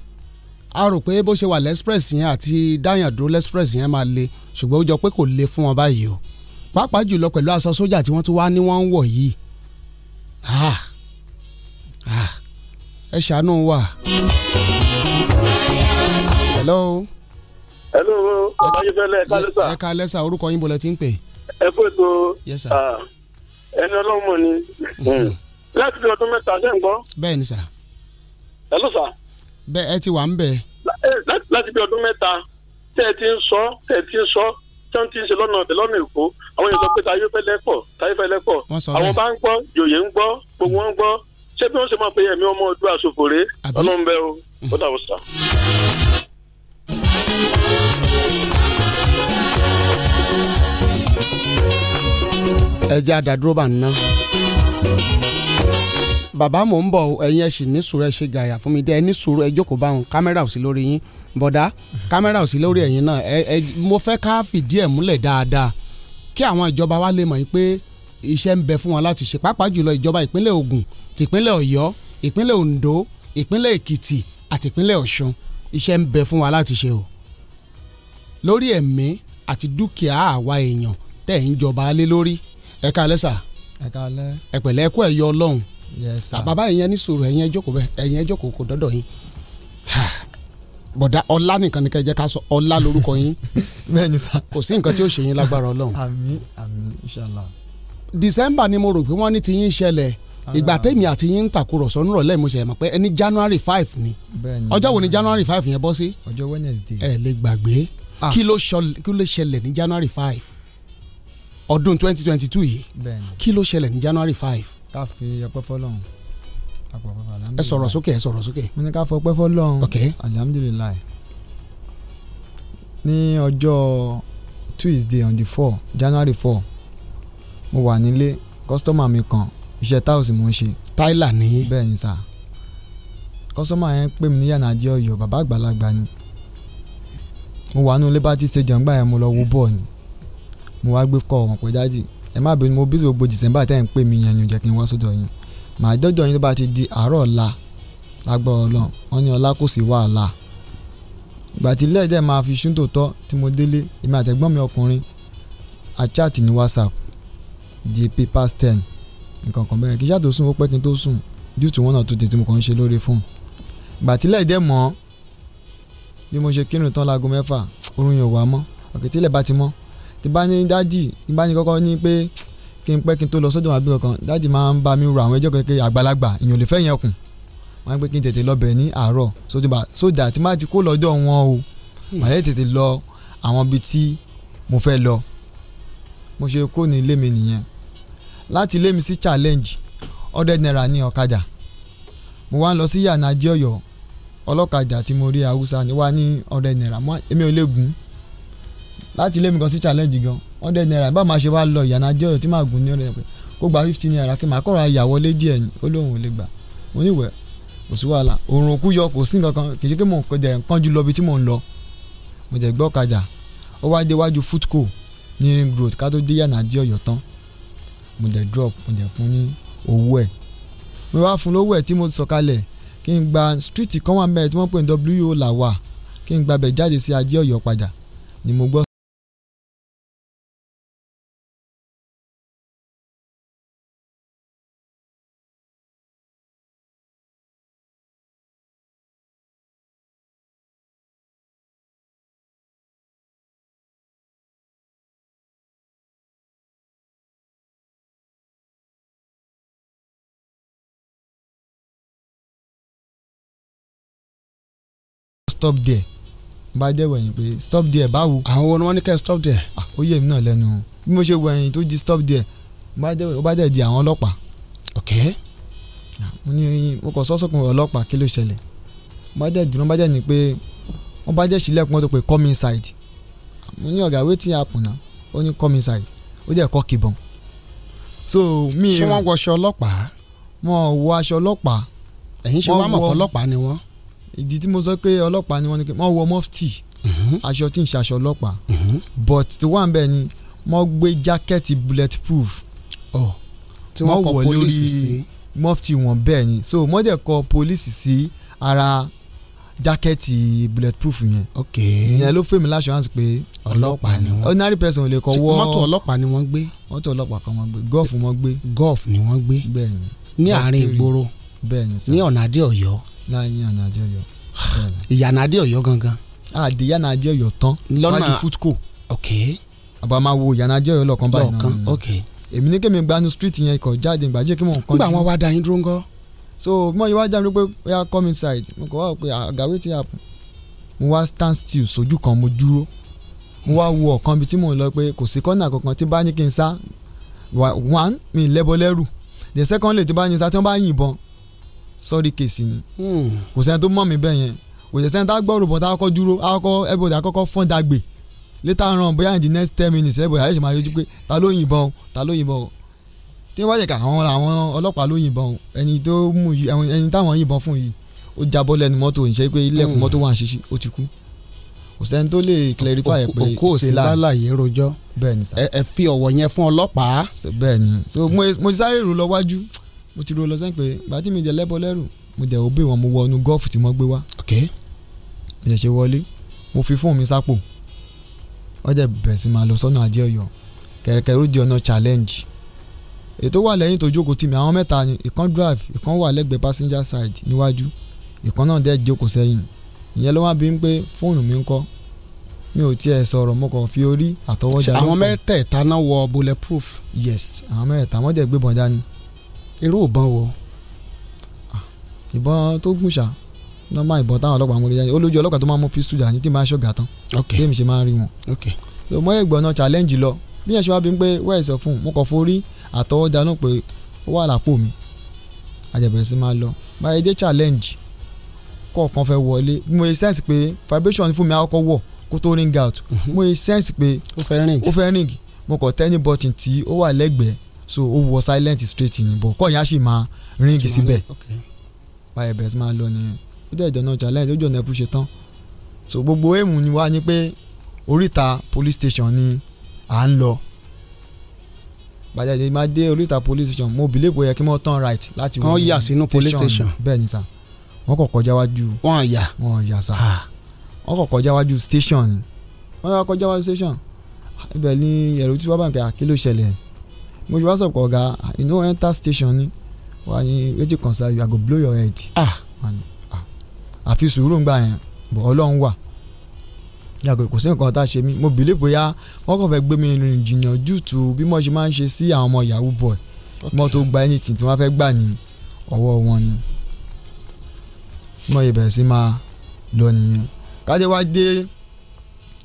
a rò pé bó ṣe wà lẹ́sprẹ̀sì yẹn àti dáyàndó lẹ́sprẹ̀sì yẹn máa le ṣùgbọ́n ó jọ pé kò le fún wọn báyìí o pàápàá jùlọ pẹ̀lú aṣọ sójà tí wọ́n tún wá ní wọ́n ń wọ̀ yìí ah, ah, ẹ ṣàánú wa. hello. hello ọ̀bájúfẹ́lẹ́ ẹ̀ka lẹ́sà. ẹ̀ka lẹ́sà orúkọ yín bọ̀lẹ̀ tí ń pè. ẹ kó ètò ah, ẹni ọlọ́mọ ni mhm. láti fi ọdún mẹ́ta ṣe ń gbọ́. bẹ́ẹ̀ ni sà. hello sà. bẹ́ẹ̀ ẹ ti wà ń bẹ̀. Eh, láti fi ọdún mẹ́ta tẹ́ ẹ ti ń sọ tẹ́ ẹ ti ń sọ tí wọ́n ti ń ṣe lọ́nà ọ̀tẹ̀ lọ́nà èkó àwọn èèyàn sọ pé tayé fẹ́ lẹ́pọ̀ tayé fẹ́ lẹ́pọ̀ àwọn bá ń gbọ́ yòyè ń gbọ́ gbogbo wọn ń gbọ́ ṣé bí wọ́n ṣe máa pe ẹ̀mí ọmọ ọdún àsopòrè ọlọ́run o mm. ó dàbọ̀ sà. ẹ àdàdúró bá ń ná bàbá mò ń bọ̀ ẹ̀yin ẹ̀ sì ní sùúrù ẹ̀ ṣe gàyà fún mi dé ẹ ní sùúrù ẹ jókòó báwọn kámẹ́rà ò sí lórí yín bọ̀dá kámẹ́rà ò sí lórí ẹ̀yin náà ẹ ẹ mo fẹ́ ká fìdí ẹ̀ múlẹ̀ dáadáa kí àwọn ìjọba wa lè mọ̀ yìí pé iṣẹ́ ń bẹ fún wọn láti ṣe pàápàá jùlọ ìjọba ìpínlẹ̀ Ògùn tìpínlẹ̀ Ọ̀yọ́ ìpínlẹ̀ Oǹdó ìpínlẹ̀ Èkìtì àti ìpínlẹ̀ Ọ̀ṣun iṣẹ́ ń bẹ fún wa láti ṣe o lórí ẹ̀mí àti dúkìá àwa èèyàn tẹ̀ ń jọba lé lórí ẹ káalẹ́ sà ẹ káalẹ́ ẹ̀pẹ̀lẹ́ ẹ̀kọ́ ẹ̀yọ Ọlọ́run bàbá ẹ̀yẹn ní sùúrù ẹ̀yẹn ẹjọ́kọ̀ bọ̀dá ọlá nìkan ni kẹjẹ ká sọ ọlá lórúkọ yín bẹ́ẹ̀ni sá kò sí nǹkan tí ó ṣe yín lágbára ọlọ́run. àmín àmín inshallah. december ni mo rò pé wọ́n ní ti yín ṣẹlẹ̀ ah. ìgbà tèmi àti yín ń tàkúrọ̀sọ nírọ̀lẹ́ mo ṣe mọ̀ pé ẹni january five ni ọjọ́ wo ni january five yẹn bọ́ sí. ọjọ́ wednesday. ẹ lè gbàgbé ah. kí ló ṣẹlẹ̀ ní january five ọdún twenty twenty two yìí kí ló ṣẹlẹ̀ ní january five. ká fi ọpẹ́ ẹ sọ̀rọ̀ sókè ẹ sọ̀rọ̀ sókè. mo ní ká fọpẹ́ fọlọ́run alihamudulilayi ní ọjọ́ tuesday on the four january four mo wà nílé kọ́sítọ́mà mi kan iṣẹ́ táùsì mo ń ṣe. táìlà ní. bẹ́ẹ̀ ni sà kọ́sítọ́mà yẹn pè mí ní yànnàjẹ́ ọ̀yọ́ bàbá àgbàlagbà ni mo wà nínú liberty stadium gbà yẹn mo lọ wo bọ́ọ̀lù mo wá gbé kọ́ ọ̀hún pé dájì ẹ má bínú mo bí gbogbo december tẹ́ ẹ̀ ń pè mí yẹn ni ò jẹ́ kí n wá sọ́dọ̀ yín màá dọ́jọ́ yín tó bá ti di àárọ̀ ọ̀la lágbára ọlọ́run wọ́n ní ọlá kò sí wàhálà ìgbà tí ilé ẹ̀jẹ̀ máa fi ṣúntò tọ́ tí mo délé èmi àtẹ̀gbọ́n mi ọkùnrin àcháàtì ní whatsapp jp past ten nǹkan kan bẹ́ẹ̀ kí ṣáà tó sùn ó pẹ́ kí n tó sùn due to one or two things tí mo kàn ń ṣe lórí fóònù ìgbà tí ilé ẹ̀jẹ̀ mọ́ bí mo ṣe kírun tán láago mẹ́fà orun yẹn ò mọ́ ọ̀kẹ́ tí ilẹ̀ bá ti mọ́ tí bá ní dádì tí bá ní kọ́kọ́ ní pé kí n pẹ́ kí n tó lọ sọ́dọ̀ wọn àbí kankan dájì máa ń bá mi ro àwọn ẹjọ́ kékeré àgbàlagbà èèyàn lè fẹ́ yẹn kùn wọ́n á gbé kí n tètè lọ bẹ̀ ní àárọ̀ sódìbà sódà tí máa ti kó lọ́dọ̀ wọn o hmm. màlẹ́ tètè lọ àwọn ibi tí mo fẹ́ lọ mo ṣe kó ní ilé mi nìyẹn láti ilé mi sí challenge hundred naira ní ọ̀kadà mo wá ń lọ sí yànnà jẹ́ ọ̀yọ́ ọlọ́kadà tí mo rí haúsá ni wá ní hundred naira èmi ò lè gùn ún láti ilé mi kan sí challenge gan hundred naira báwo máa ṣe wá lọ ìyànà jẹ́ tí máa gùn ní ọ̀rẹ́ pé kó gba fifty naira kí màá kọ́ra ìyàwó lé díẹ̀ ni ó lóun ò lè gbà mo ní ìwẹ̀ kò sí wàhálà òòrùn òkú yọ kò sí nǹkan kan kì í ṣe pé mò ń jẹ nǹkan jù lọ bí tí mò ń lọ mo jẹ gbọ́ ọ̀kadà ó wá dé wájú footco ní ring road ká tó dé yànà jẹ́ ọ̀yọ́ tán mo jẹ drop mo jẹ fún ní owó ẹ̀ mo wá fún lówó ẹ̀ tí mo sọ̀kalẹ̀ kí n gba street kan wà mẹ́rin tí wọ́n pè ní wo stop there bá dẹ̀ wẹ̀yìn pé stop there báwo. àwọn wo ni wọ́n ní stop there. Ah, ó yé mi náà lẹ́nu bí mo ṣe wẹ̀yìn tó di stop there bá dẹ̀ ó bá dẹ̀ di àwọn ọlọ́pàá. ok. Ah, mo ní mo kàn sọ́sọ́ kan ọlọ́pàá kí ló ṣẹlẹ̀ bá dẹ̀ dùnú bá dẹ̀ ní pé wọ́n bá dẹ̀ sílẹ̀kùn wọn tó pé come inside ah, mo ní ọ̀gá wetin happen na ó ní come inside ó dẹ̀ kọ́ kìbọn. so mi. ṣé wọ́n wọṣọ ọlọ́pàá. wọn ò wọ aṣọ ọlọ́pàá. ẹ̀yin ṣe wá mọ̀ pé ọlọ́pàá ni wọ́n ìdí tí mo sọ pé ọlọ́pàá ni wọ́n ní pé wọ́n wọ mọ́fìtì mhm. aṣọ tí ń ṣe ọlọ́pàá mhm. but tí wọ́n à ń bẹ̀ ni wọ́n gbé jákẹ́ẹ̀tì bullet proof wọ́n wọ lórí mọ́fìtì wọn bẹ́ẹ̀ ni so wọ́n dẹ̀ kọ pólíìsì sí ara jákẹ́ẹ̀tì bullet proof yẹn ìyẹn ló fèmí láṣọ hàn pé ọlọ́pàá ni wọ́n ordinary person ò lè kọ wọ́ mọ́tò ọlọ́pàá ni wọ́n gbé mọ́tò ọlọ́pàá kan wọ́n gbé gọ́ọ̀fù wọ́n gbé gọ́ọ̀fù ni wọ́n gbé bẹ́ẹ̀ ni ní àárín ìgboro bẹ́ẹ̀ ni sá ní ọ̀nà adé ọ̀yọ́ láàrin ọ̀nà àdé ọ̀yọ́. ìyànà àdé ọ̀yọ́ gangan. àdé yànà àdé ọ̀yọ́ tán wájú foodco. ok. àbá máa wo ìyànà àdé lọ́kàn báyìí lọ́kàn mm. ok. èmi ní kémi gbanu street yẹn kọ jáde ìgbà jẹ́ kí mò ń kọ́. nígbà wọn wá da yín dúró ń so mo yẹ wá jáde pé ó yà come inside mo kọ wá pé àgà wetin happen. mo wá stand still sójú kan mo dúró mo wá wo ọ̀kan bíi tí mò lọ pé kò sí kọ́nà kankan tí bá ní kí n sá one mi lẹ́bọ lẹ́rù the second lady bá ní sá tí wọ́n bá yìnbọn sọ́ọ̀rì kèsì ni hmm. kò sẹ́ni tó mọ̀ mí bẹ́ẹ̀ yẹn kò sẹ́ni tá a gbọ́ ròbọ̀tà akọ́ dúró akọ́ everybody akọ́kọ́ fọ́n dàgbé later on bóyá in the next ten minutes everybody ayé ṣe máa yọjú pé ta ló yìnbọn o ta ló yìnbọn o tí wọ́n jẹ̀ka àwọn àwọn ọlọ́pàá ló yìnbọn o ẹni tó mú yìí ẹni táwọn yìnbọn fún yìí ó jábọ́ lẹ́nu mọ́tò ń ṣe pé ilẹ̀kùn hmm. mọ́tò wà ṣíṣí ó ti kú kò sẹ́ni tó lè clarify ẹ̀ pé òkú òsì lálàyé rojọ́ bẹ́ẹ̀ ni sá ẹ fi ọ̀wọ̀ yẹn fún ọlọ́pàá bẹ́ẹ̀ ni so mo sáré rò lọ wájú mo ti ro lọ sẹ́yìn pé bàtí mi jẹ́ lẹ́bọ lẹ́rù mo jẹ́ òbí wọn mo wọ inú gọ́ọ̀fù tí mo gbé wá. ok mo ṣẹ̀ṣẹ̀ wọlé mo fi fóònù mi sápò wọ́n jẹ́ bẹ̀rẹ̀ sí máa lọ sọ́nà adé ọ̀yọ́ kẹ̀rẹ̀kẹ̀rẹ̀ ó di ọ̀nà challenge ètò wà lẹ́yìn tó jókòó tì mí àwọn mẹ́ta ìkan drive ìkan wà lẹ́gbẹ̀ẹ́ passenger side níwájú ìkan náà dẹ́ jókòó sẹ́yìn ìyẹn ló wá bí ń pé fóònù mi ń kọ́ mi ò tiẹ̀ sọ̀rọ̀ mo kàn fi orí àtọwọ́jà lọ́kàn. àwọn mẹ́tẹ̀ẹ̀ta náà wọ bulletproof. yes àwọn mẹ́tẹ̀ẹ̀ta wọ́n jẹ́ gbébọn dání irú ìbọn wo ah, ìbọn tó gùn ṣá nọ́mbà ìbọn táwọn ọlọ́pàá mú kejì olójú ọlọ́pàá tó máa mú pistol jà ní tí máa ṣọ̀gà tán bí mi ṣe máa rí wọn. so mọ ẹgbọn náà challenge lọ bí ẹ ṣe wá bí n pé wẹ́ẹ̀ sọ fún un mo kàn forí àtọwọ́dá náà pé ó wà lápò mi àjẹbẹ̀rẹ̀ sí máa lọ báyìí dé challenge kọ̀ọ̀kan fẹ́ wọlé mo yẹ sense pé vibration fún mi àkọ́kọ́ wọ̀ kó tó ring out mhm. mo yẹ sense pé ó fẹ́ ring mo kàn tẹ́ ní button tí ó wà lẹ́gbẹ̀ẹ́ so ó wọ silent straight yìí bọ̀ kọ́ ìyá sì máa ríngì síbẹ̀ báyẹ̀ bẹ̀rẹ̀ sí ma lọ nìyẹn ó dẹ̀ ìjọ̀nà challenge ó jọ̀nà ẹ̀fù ṣe tán so gbogbo èèmù ni wá ni pé oríta police station ni à ń lọ bàjẹ́ máa dé oríta police station mo believe ó yẹ kí wọ́n turn right láti wọ́n yà sínú police station bẹ́ẹ̀ ni sà wọ́n kọ̀ kọjá wájú wọ́n yà wọ́n yà sà wọ́n kọ̀ kọjá wájú station ni wọ́n yà kọjá wájú station ibẹ̀ ni ẹ̀rọ tí wọ́n bá ń kẹ́ àkílò ṣẹlẹ̀ mo ṣe wá sọ̀kọ̀ ọ̀gá you know enter station ni wà ní wetin concern you i go blow your head. Ah. àfi ah. sùúrù ń gbà yẹn bọ̀ ọlọ́run wà yàgò kò sí nǹkan tá a ṣe mí mo bìlẹ̀ bóyá wọ́n kàn fẹ́ gbé mi rìn jìnnà jù tù bí mo ṣe máa ń ṣe sí àwọn ọmọ yahoo boy mo tó gba anything tí wọ́n fẹ́ gbà ní ọwọ́ wọn ni mo yẹ bẹ̀rẹ̀ sí máa lọ nìyẹn kájẹ́ wá dé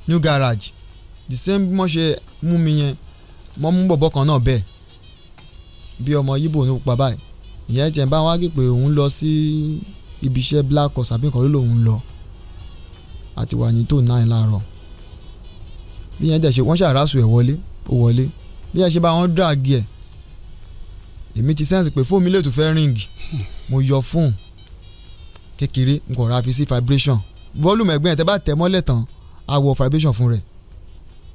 new garage the same bí mo ṣe mú mi yẹn wọ́n mú bọ̀bọ̀ kan náà bẹ́ẹ̀ bí ọmọ yíbò ní pupa báyìí ìyẹn tiẹ̀ ń bá wọn ágè pé òun lọ sí ibi iṣẹ́ black horse àbí nǹkan ló lòun lọ àti wà ní tó náà láàárọ̀ bí yẹn dẹ̀ ṣe wọ́n ṣàràsù ẹ̀ wọlé ó wọlé bí yẹn ṣe bá wọn dàgì ẹ̀ èmi ti sẹ́ǹsì pé fóònù mi lè tún fẹ́ ríǹgì mo yọ fóònù kékeré nǹkan ọ̀rá fi sí vibration volume ẹ̀gbẹ́ yẹn tẹ́ bá tẹ̀ mọ́lẹ̀ tán á wọ vibration fún rẹ̀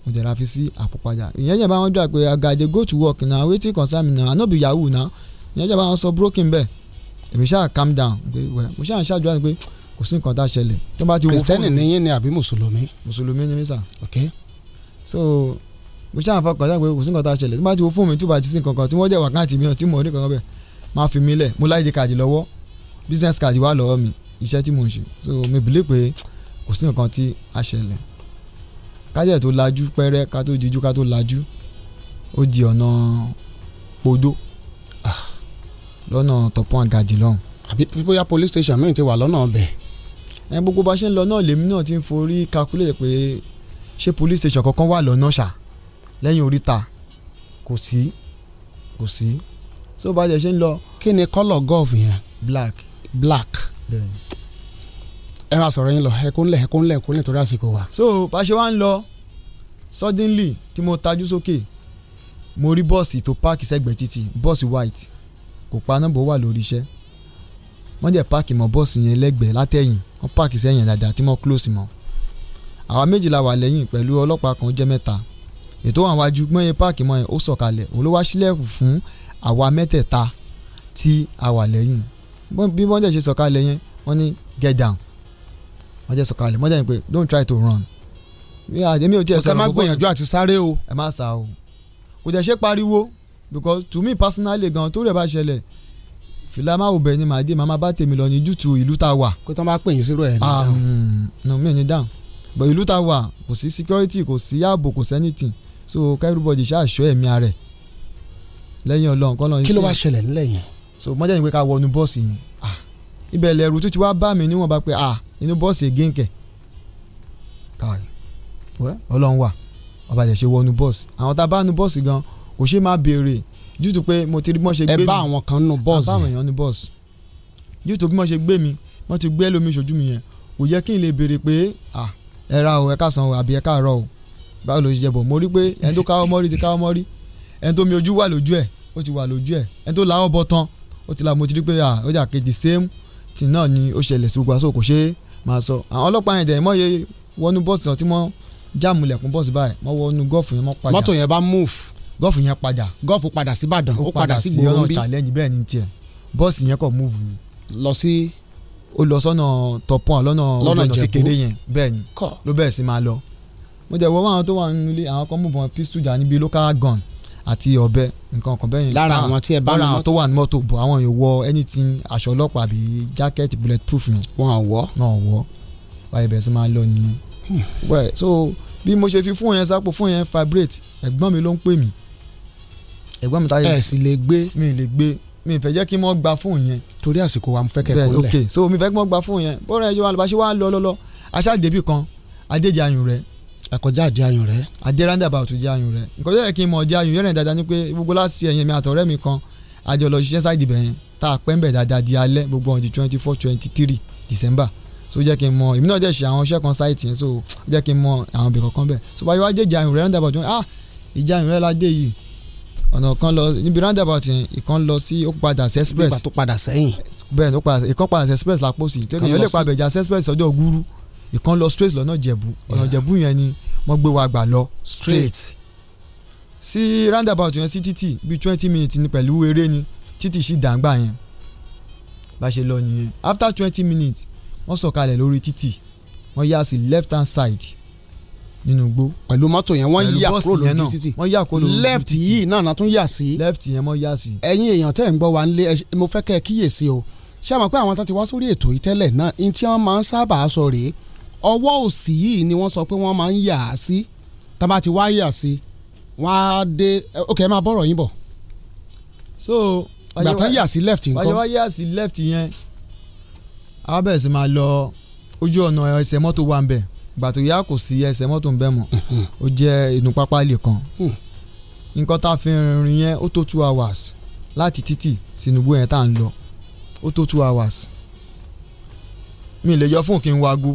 mo jẹ̀rọ àfi sí àpòpadà ìyẹn jẹ́ bá wọn dà pé agade go to work na wetin concern me na no be yahoo na ìyẹn jẹ́ bá wọn sọ broken bẹ́ẹ̀ èmi ṣáà calm down pé wẹ́ mo ṣáà ń ṣàdúrà pé kò sí nǹkan tá a ṣẹlẹ̀ tó bá ti ni àbí mùsùlùmí. mùsùlùmí ni mí sà. ok so mo ṣáà fọkàn sáà pé kò sí nǹkan tá a ṣẹlẹ̀ tó bá ti wo fóònù mi tó bá ti sí nǹkan kan tí wọ́n jẹ́ wákàtí mi tí mo ní kankan bẹ́ẹ̀ máa fi mi lẹ̀ mo láì di káàdì lọ́wọ́ business card wà lọ́wọ́ mi iṣẹ́ tí mo ń ṣe so mi believe pé kò sí nǹkan tí a ṣẹlẹ̀ kájẹ̀ tó lajú pẹ́rẹ́ ká tó dijú ká tó lajú ó di ọ̀nà podó ah, lọ́nà tọ̀pọ̀n àgàdì lọ́hùn. àbí bóyá police station mi ti wà lọ́nà ọbẹ̀. ẹ gbogbo bá ṣe ń lọ náà lèmi náà ti ń forí calculate pé ṣé police station kankan wà lọ́nà ṣá lẹ́yìn oríta kò sí kò sí so bá ṣe ń lọ. kí ni kọ́lọ̀ gọ́ọ̀fù yẹn. black. black ẹ máa sọ̀rọ̀ yín lọ ẹ kó ń lẹ̀ ẹ kó ń lẹ̀ kó ń lẹ̀ torí àsìkò wa. so bá a ṣe wá ń lọ suddenly tí mo tajú sókè mo rí bọ́ọ̀sì tó páàkì sẹ́gbẹ̀ẹ́ títì bọ́ọ̀sì white kò pa nọ́mbà ó wà lórí iṣẹ́ wọ́n jẹ́ páàkì mọ́ bọ́ọ̀sì yẹn lẹ́gbẹ̀ẹ́ látẹ̀yìn wọ́n páàkì sẹ́yìn dáadáa tí mo close mọ́ àwa méjìlá wà lẹ́yìn pẹ̀lú ọlọ́pàá kan jẹ́ mẹ́ta ètò àwọn wájú gbọ́n yẹn páàkì mọ́ yẹn ó sọ̀kalẹ̀ olówó aṣílẹ̀kùn fún àwa mẹ́tẹ̀ẹ̀ta tí a wà lẹ́yìn bí wọ́n jẹ́ ṣe sọ̀kalẹ̀ yẹn wọ́n ní get down wọ́n jẹ́ sọ̀kalẹ̀ mọ́jà yìí pé don't try to run. èmi ò tiẹ̀ sọ̀rọ̀ gbogbo ẹ má gbìyànjú àti sáré o. ẹ má sá o kò jẹ́ ṣe pariwo because to me personally gan tó rẹ̀ bá ṣẹlẹ̀ filama obẹ ni màá dé màmá bá tèmi lọ ní jútù ìlú tá a wà. kó tán bá pè yín sírò ẹ̀ ní dáhùn. no mi ò ní dáhùn but ìlú tá a wà kò sí security kò sí ààbò kò sẹ́nìtì so everybody ṣàṣọ ẹ̀mí ara ẹ̀ lẹ́yìn ọlọ́run kọ́ lọ́run. kí ló wá ṣẹlẹ̀ nílẹ̀ yẹn. so mọ́jà yìí pé ká wọnú bọ́ọ̀sì yẹn ah, ibẹ̀ lẹ̀rù tó ti wá bá mi níwọ̀n bá pé ah inú bọ́ọ̀sì again kẹ̀ káàrí ọlọ́run wà ọba jẹ̀ ṣe wọnú bọ́ọ̀sì àwọn tá a bá nu bọ́ọ̀sì gan kò ṣe máa béèrè jútù pé mo ti rí bí wọ́n ṣe gbé mi ẹ bá àwọn kan nu bọ́ọ̀sì àbá àwọn èèyàn nu bọ́ọ̀sì jútù bí wọ́n ṣe gbé mi wọ́n ti gbé lómi ìṣojú mi yẹn kò yẹ kí n lè béèrè pé ẹ ra o ẹ ká san o àbí ẹ ká rọ o báwo ló ṣe jẹ bọ̀ mo rí pé ẹni tó káwọ́ mọ́rí ti káwọ́ mọ́rí ẹni tó mi ojú wà lójú ẹ̀ ó ti wà lójú ẹ̀ ẹni tó làwọn bọ̀ tán ó ti la mo ti rí pé ó jà kejì same tì náà ni ó ṣẹlẹ̀ sí gbogbo aṣọ kò ṣe máa sọ àwọn ọlọ́pàá yẹn dẹ̀ mọ́ ye wọnú bọ́ọ̀sì náà tí wọ́n jáàmù lẹ̀kún bọ́ọ̀sì báyìí wọ́n wọnú gọ́ọ̀fù yẹn wọ́n padà. mọ́tò yẹn bá move. gọ́ọ̀fù yẹn padà. gọ́ọ̀fù padà sí Ìbàdàn ó padà sí gbòòrò bí. challenge bẹ́ẹ̀ ni tiẹ̀ bọ́ọ̀sì yẹn kò move. lọ sí. ó lọ sọ́nà tọpọ́n lọ́nà lọ́nà kékeré yẹn bẹ́ẹ̀ ni ló bẹ̀rẹ̀ sí máa lọ. mo jẹ́ wọ́n àwọn tó wà nínú ilé àwọn kan mú bọn pistol jà níbi gun àti ọ̀bẹ nǹkan kan bẹ́yìn lára àwọn tí ẹ bá lára àwọn tó wà ní mọ́tò bọ̀ àwọn yóò wọ anything aṣọ ọlọ́pàá àbí jákẹ́ẹ̀tì bullet proof yẹn. wọn ò wọ. wọn ò wọ báyìí bẹ́ẹ̀ sì máa ń lọ nìyẹn. Hmm. well so bí mo ṣe fi fún yẹn sápò fún yẹn vibrate ẹ̀gbọ́n mi ló ń pè mí ẹ̀gbọ́n mi táyé. ẹ sì lè gbé. mi lè gbé mi fẹ́ jẹ́ kí mo gba fóònù yẹn. torí àsìkò wa mo fẹ́ kẹ́kọ̀ọ́ lẹ̀. ok so mi fẹ́ kí mo gba ẹ̀kọ́já àjẹ ayùn rẹ. àjẹ roundabout jẹ ayùn rẹ nǹkan tó yẹ kí n mọ̀ jẹ ayùn yẹn dáadáa ni pé gbogbo láti ẹ̀yìn mi àtọ̀rẹ́ mi kan àjọ lọ ṣiṣẹ́ sáìdì bẹ̀yẹn tá a pẹ́ ń bẹ̀ dáadáa di alẹ́ gbogbo ọ̀hún di twenty four twenty three december so jẹ́ kí n mọ̀ èmi náà jẹ́ ṣe àwọn iṣẹ́ kan sáìtì yẹn so jẹ́ kí n mọ̀ àwọn ibì kankan bẹ̀ so báyọ̀ ajé ìjà ìrìn roundabout yẹn ah ìjà ìrìn rẹ̀ la dé yìí ọ̀nà kan lọ níbi roundabout yẹn ìkan lọ sí ó padà sí express. nígbà tó padà sẹ́yìn. bẹ́ẹ̀ ló padà padà sí express lápòsí tẹ́lẹ̀ yẹn lè pa àbẹ̀jà express ọjọ́ ògúrú ìkan lọ straight lọ́nà jẹ̀bú ọ̀nà jẹ̀bú yẹn ni wọ́n gbé wa gbà lọ straight sí roundabout yẹn sí títì bíi twenty minutes ni pẹ̀lú eré ni títì sí dàgbà yẹn bá ṣe lọ nìyẹn after twenty minutes wọ́n sọ̀kalẹ̀ lórí títì wọ́n yá sí left hand side nínú igbó. pẹ̀lú mọ́tò yẹn wọ́n yà kúrò lójú títì wọ́n yà kúrò lójú títì left yìí náà náà tún yà sí. left yẹn mọ́ yà sí. ẹ̀yin èèyàn tẹ́ ń gbọ́ wa nílé mo fẹ́ kẹ́ ẹ kíyèsí o ṣé àmọ́ pé àwọn tó ti wá sórí ètò yìí tẹ́lẹ̀ náà ní tí wọ́n máa ń sábà sọ rèé ọwọ́ òsì yìí ni wọ́n sọ pé wọ́n máa ń yà á sí tá a bá yà sí wọ́n dé ok ẹ máa bọ̀rọ̀ yín bọ̀ so gbàtà yà sí left nǹkan wáyé wáyé yà sí left yẹn àwọn bẹ̀rẹ̀ sí máa lọ ojú ọ̀nà ẹsẹ̀ mọ́tò wà ń bẹ̀ gbàtò yà kò sí ẹsẹ̀ mọ́tò ń bẹ̀ mọ́ mhm. ó jẹ́ inú pápá ilé kan hmm. nǹkan tá a fi rìn yẹn ó tó two hours láti títì sínúgbó yẹn tá à ń lọ ó tó two hours mi ì lè yọ fún kí n wago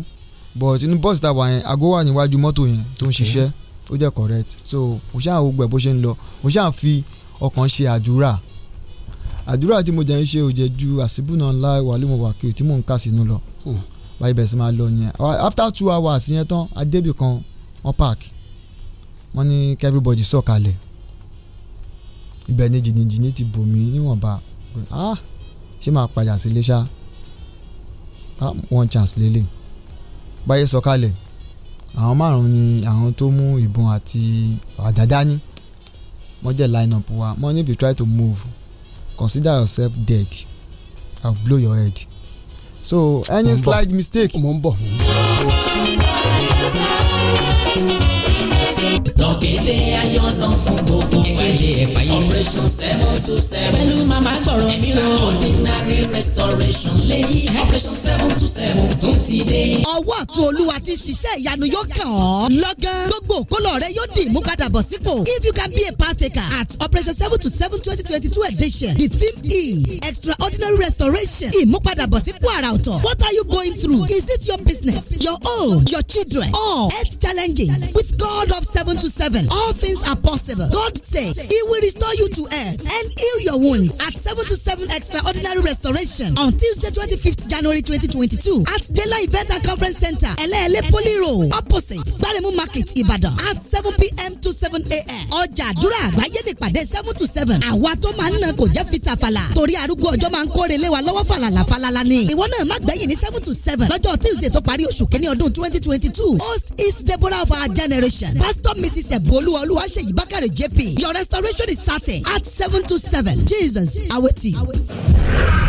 but inú bọ́ọ̀sì tá a wà yẹn aago wà níwájú mọ́tò yẹn tó ń ṣiṣẹ́ ó jẹ́ correct so mo ṣáà gbẹ bó ṣe ń lọ mo ṣáà fi ọkàn ṣe àdúrà àdúrà tí mo jẹ́ ń ṣe ò jẹ́ ju àsìbùnà ńlá wàlúùmọ̀ wàkìrì tí mò ń kà sínú lọ hmm. báyìí bẹ̀rẹ̀ sí máa lọ yẹn after two hours yẹn tán adébì kan wọ́n park wọ́n ní kí everybody sọ̀kalẹ̀ ibẹ̀ ni jìnnìjìnnì ti bò mí níwọ̀nba ah, ṣé máa padà sí ilé ṣá ah, one chance lélẹ̀ báyé sọ̀kalẹ̀ àwọn márùn ni àwọn tó mú ìbọn àti àdá dání wọ́n line up wa wọ́n ní if you try to move consider yourself dead I'll blow your head so any slight mistake. mo ń bọ̀ lọ́kẹ́dẹ́ ayọ̀nà fún gbogbo ayé fàyè. operation seven two seven. pẹ̀lú màmá gbọ̀rọ̀ mi lọ. ordinary restoration lẹ́yìn operation seven two seven tó ti dé. ọwọ́ ọ̀tún olúwa ti ṣiṣẹ́ ìyanu yóò kàn ọ́. lọ́gán gbogbo òkólọ̀ rẹ yóò di ìmúpadàbọ̀ sípò. if you can be a partaker at operation seven to seven twenty twenty two edition the theme is extraordinary restoration ìmúpadàbọ̀ sípò àrà ọ̀tọ̀. what are you going through? is it your business your own your children or health challenges with God of seven to seven all things are possible God says He will restore you to health and heal your wounds at 7 to 7 Extraordinary Restoration on Tuesday, 25th January 2022 at Dela Event and Conference Center, Elele Poly Road, opposite Gbaremu Market, Ibadan at 7 p.m. to 7 a.m. Oja Dura àgbáyé nípàdé 7 to 7. Àwa tó máa ń nà kò jẹ́ fita fàlà torí arúgbó ọjọ́ máa ń kóre lé wa lọ́wọ́ fàlàlà fàlàlà ni. 7 to 7 lọ́jọ́ Tuesday to parí oṣù kínní ọdún 2022. Host is Deborah of our generation. Pastor Mrs. Ebolu Olúwaṣeyì Bákàrẹ̀ JP. Your restoration is certain at seven to seven jesus aweti. aweti.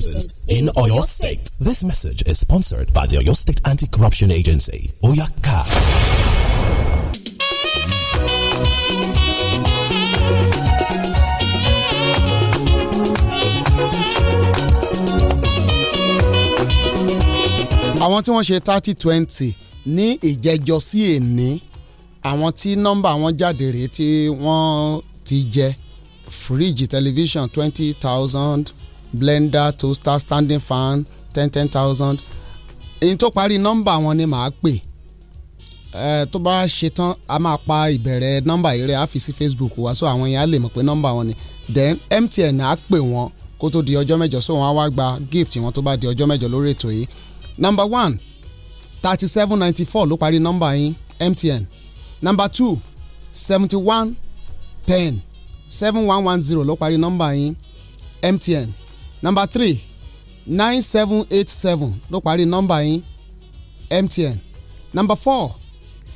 citizens in Oyo State. This message is sponsored by the Oyo State Anti-Corruption Agency, Oyaka. àwọn tí wọ́n ṣe thirty twenty ní ìjẹjọ sí èní àwọn tí nọ́mbà wọn jáde rèé tí wọ́n ti jẹ fíríjì tẹlifíṣàn twenty thousand blender toaster standing fan ten ten thousand èyí tó parí nọ́mbà wọn ni màá pè ẹ tó bá ṣe tán a máa pa ìbẹ̀rẹ̀ nọ́mbà yìí rẹ̀ á fi sí Facebook wá so àwọn yẹn á lè mọ̀ pé nọ́mbà wọn ni then MTN á pè wọ́n kó tó di ọjọ́ mẹ́jọ so wọ́n á wá gba gift wọn tó bá di ọjọ́ mẹ́jọ lórí ètò yìí number one thirty seven ninety four ló parí nọ́mbà yín MTN number two seventy one ten seven one one zero ló parí nọ́mbà yín MTN Number three nine seven eight seven ló parí nọ́mbà yín MTN Number four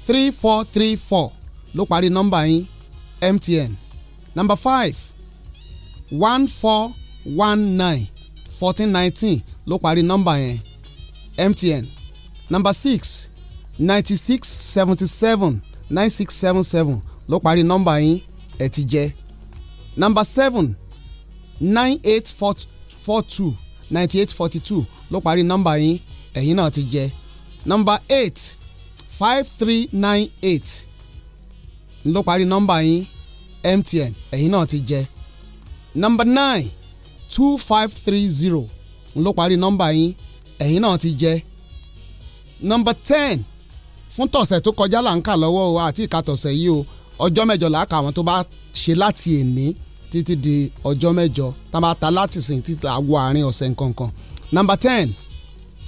three four three four ló parí nọ́mbà yín MTN Number five one four one nine fourteen nineteen ló parí nọ́mbà yẹn MTN Number six ninety six seventy seven nine six seven seven ló parí nọ́mbà yín ẹ̀ ti jẹ́ seven nine eight four four two ninety eight forty two ló parí nọ́mbà yín ẹ̀yin náà ti jẹ́ nọ́mbà eight five three nine eight ló parí nọ́mbà yín MTN ẹ̀yin náà ti jẹ́ nọ́mbà nine two five three zero ló parí nọ́mbà yín ẹ̀yin náà ti jẹ́ nọ́mbà ten fún tọ̀sẹ̀ tó kọjá là ń kà lọ́wọ́ o àti ìka tọ̀sẹ̀ yìí o ọjọ́ mẹ́jọ là á kà àwọn tó bá ṣe láti èní. E títí di ọjọ́ mẹ́jọ tá a bá ta láti sìn títí àgọ́ àárín ọ̀sẹ̀ nkankan. nọ́mbà ten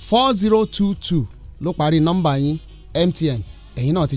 four zero two two ló parí nọ́mbà yín MTN ẹ̀yin náà ti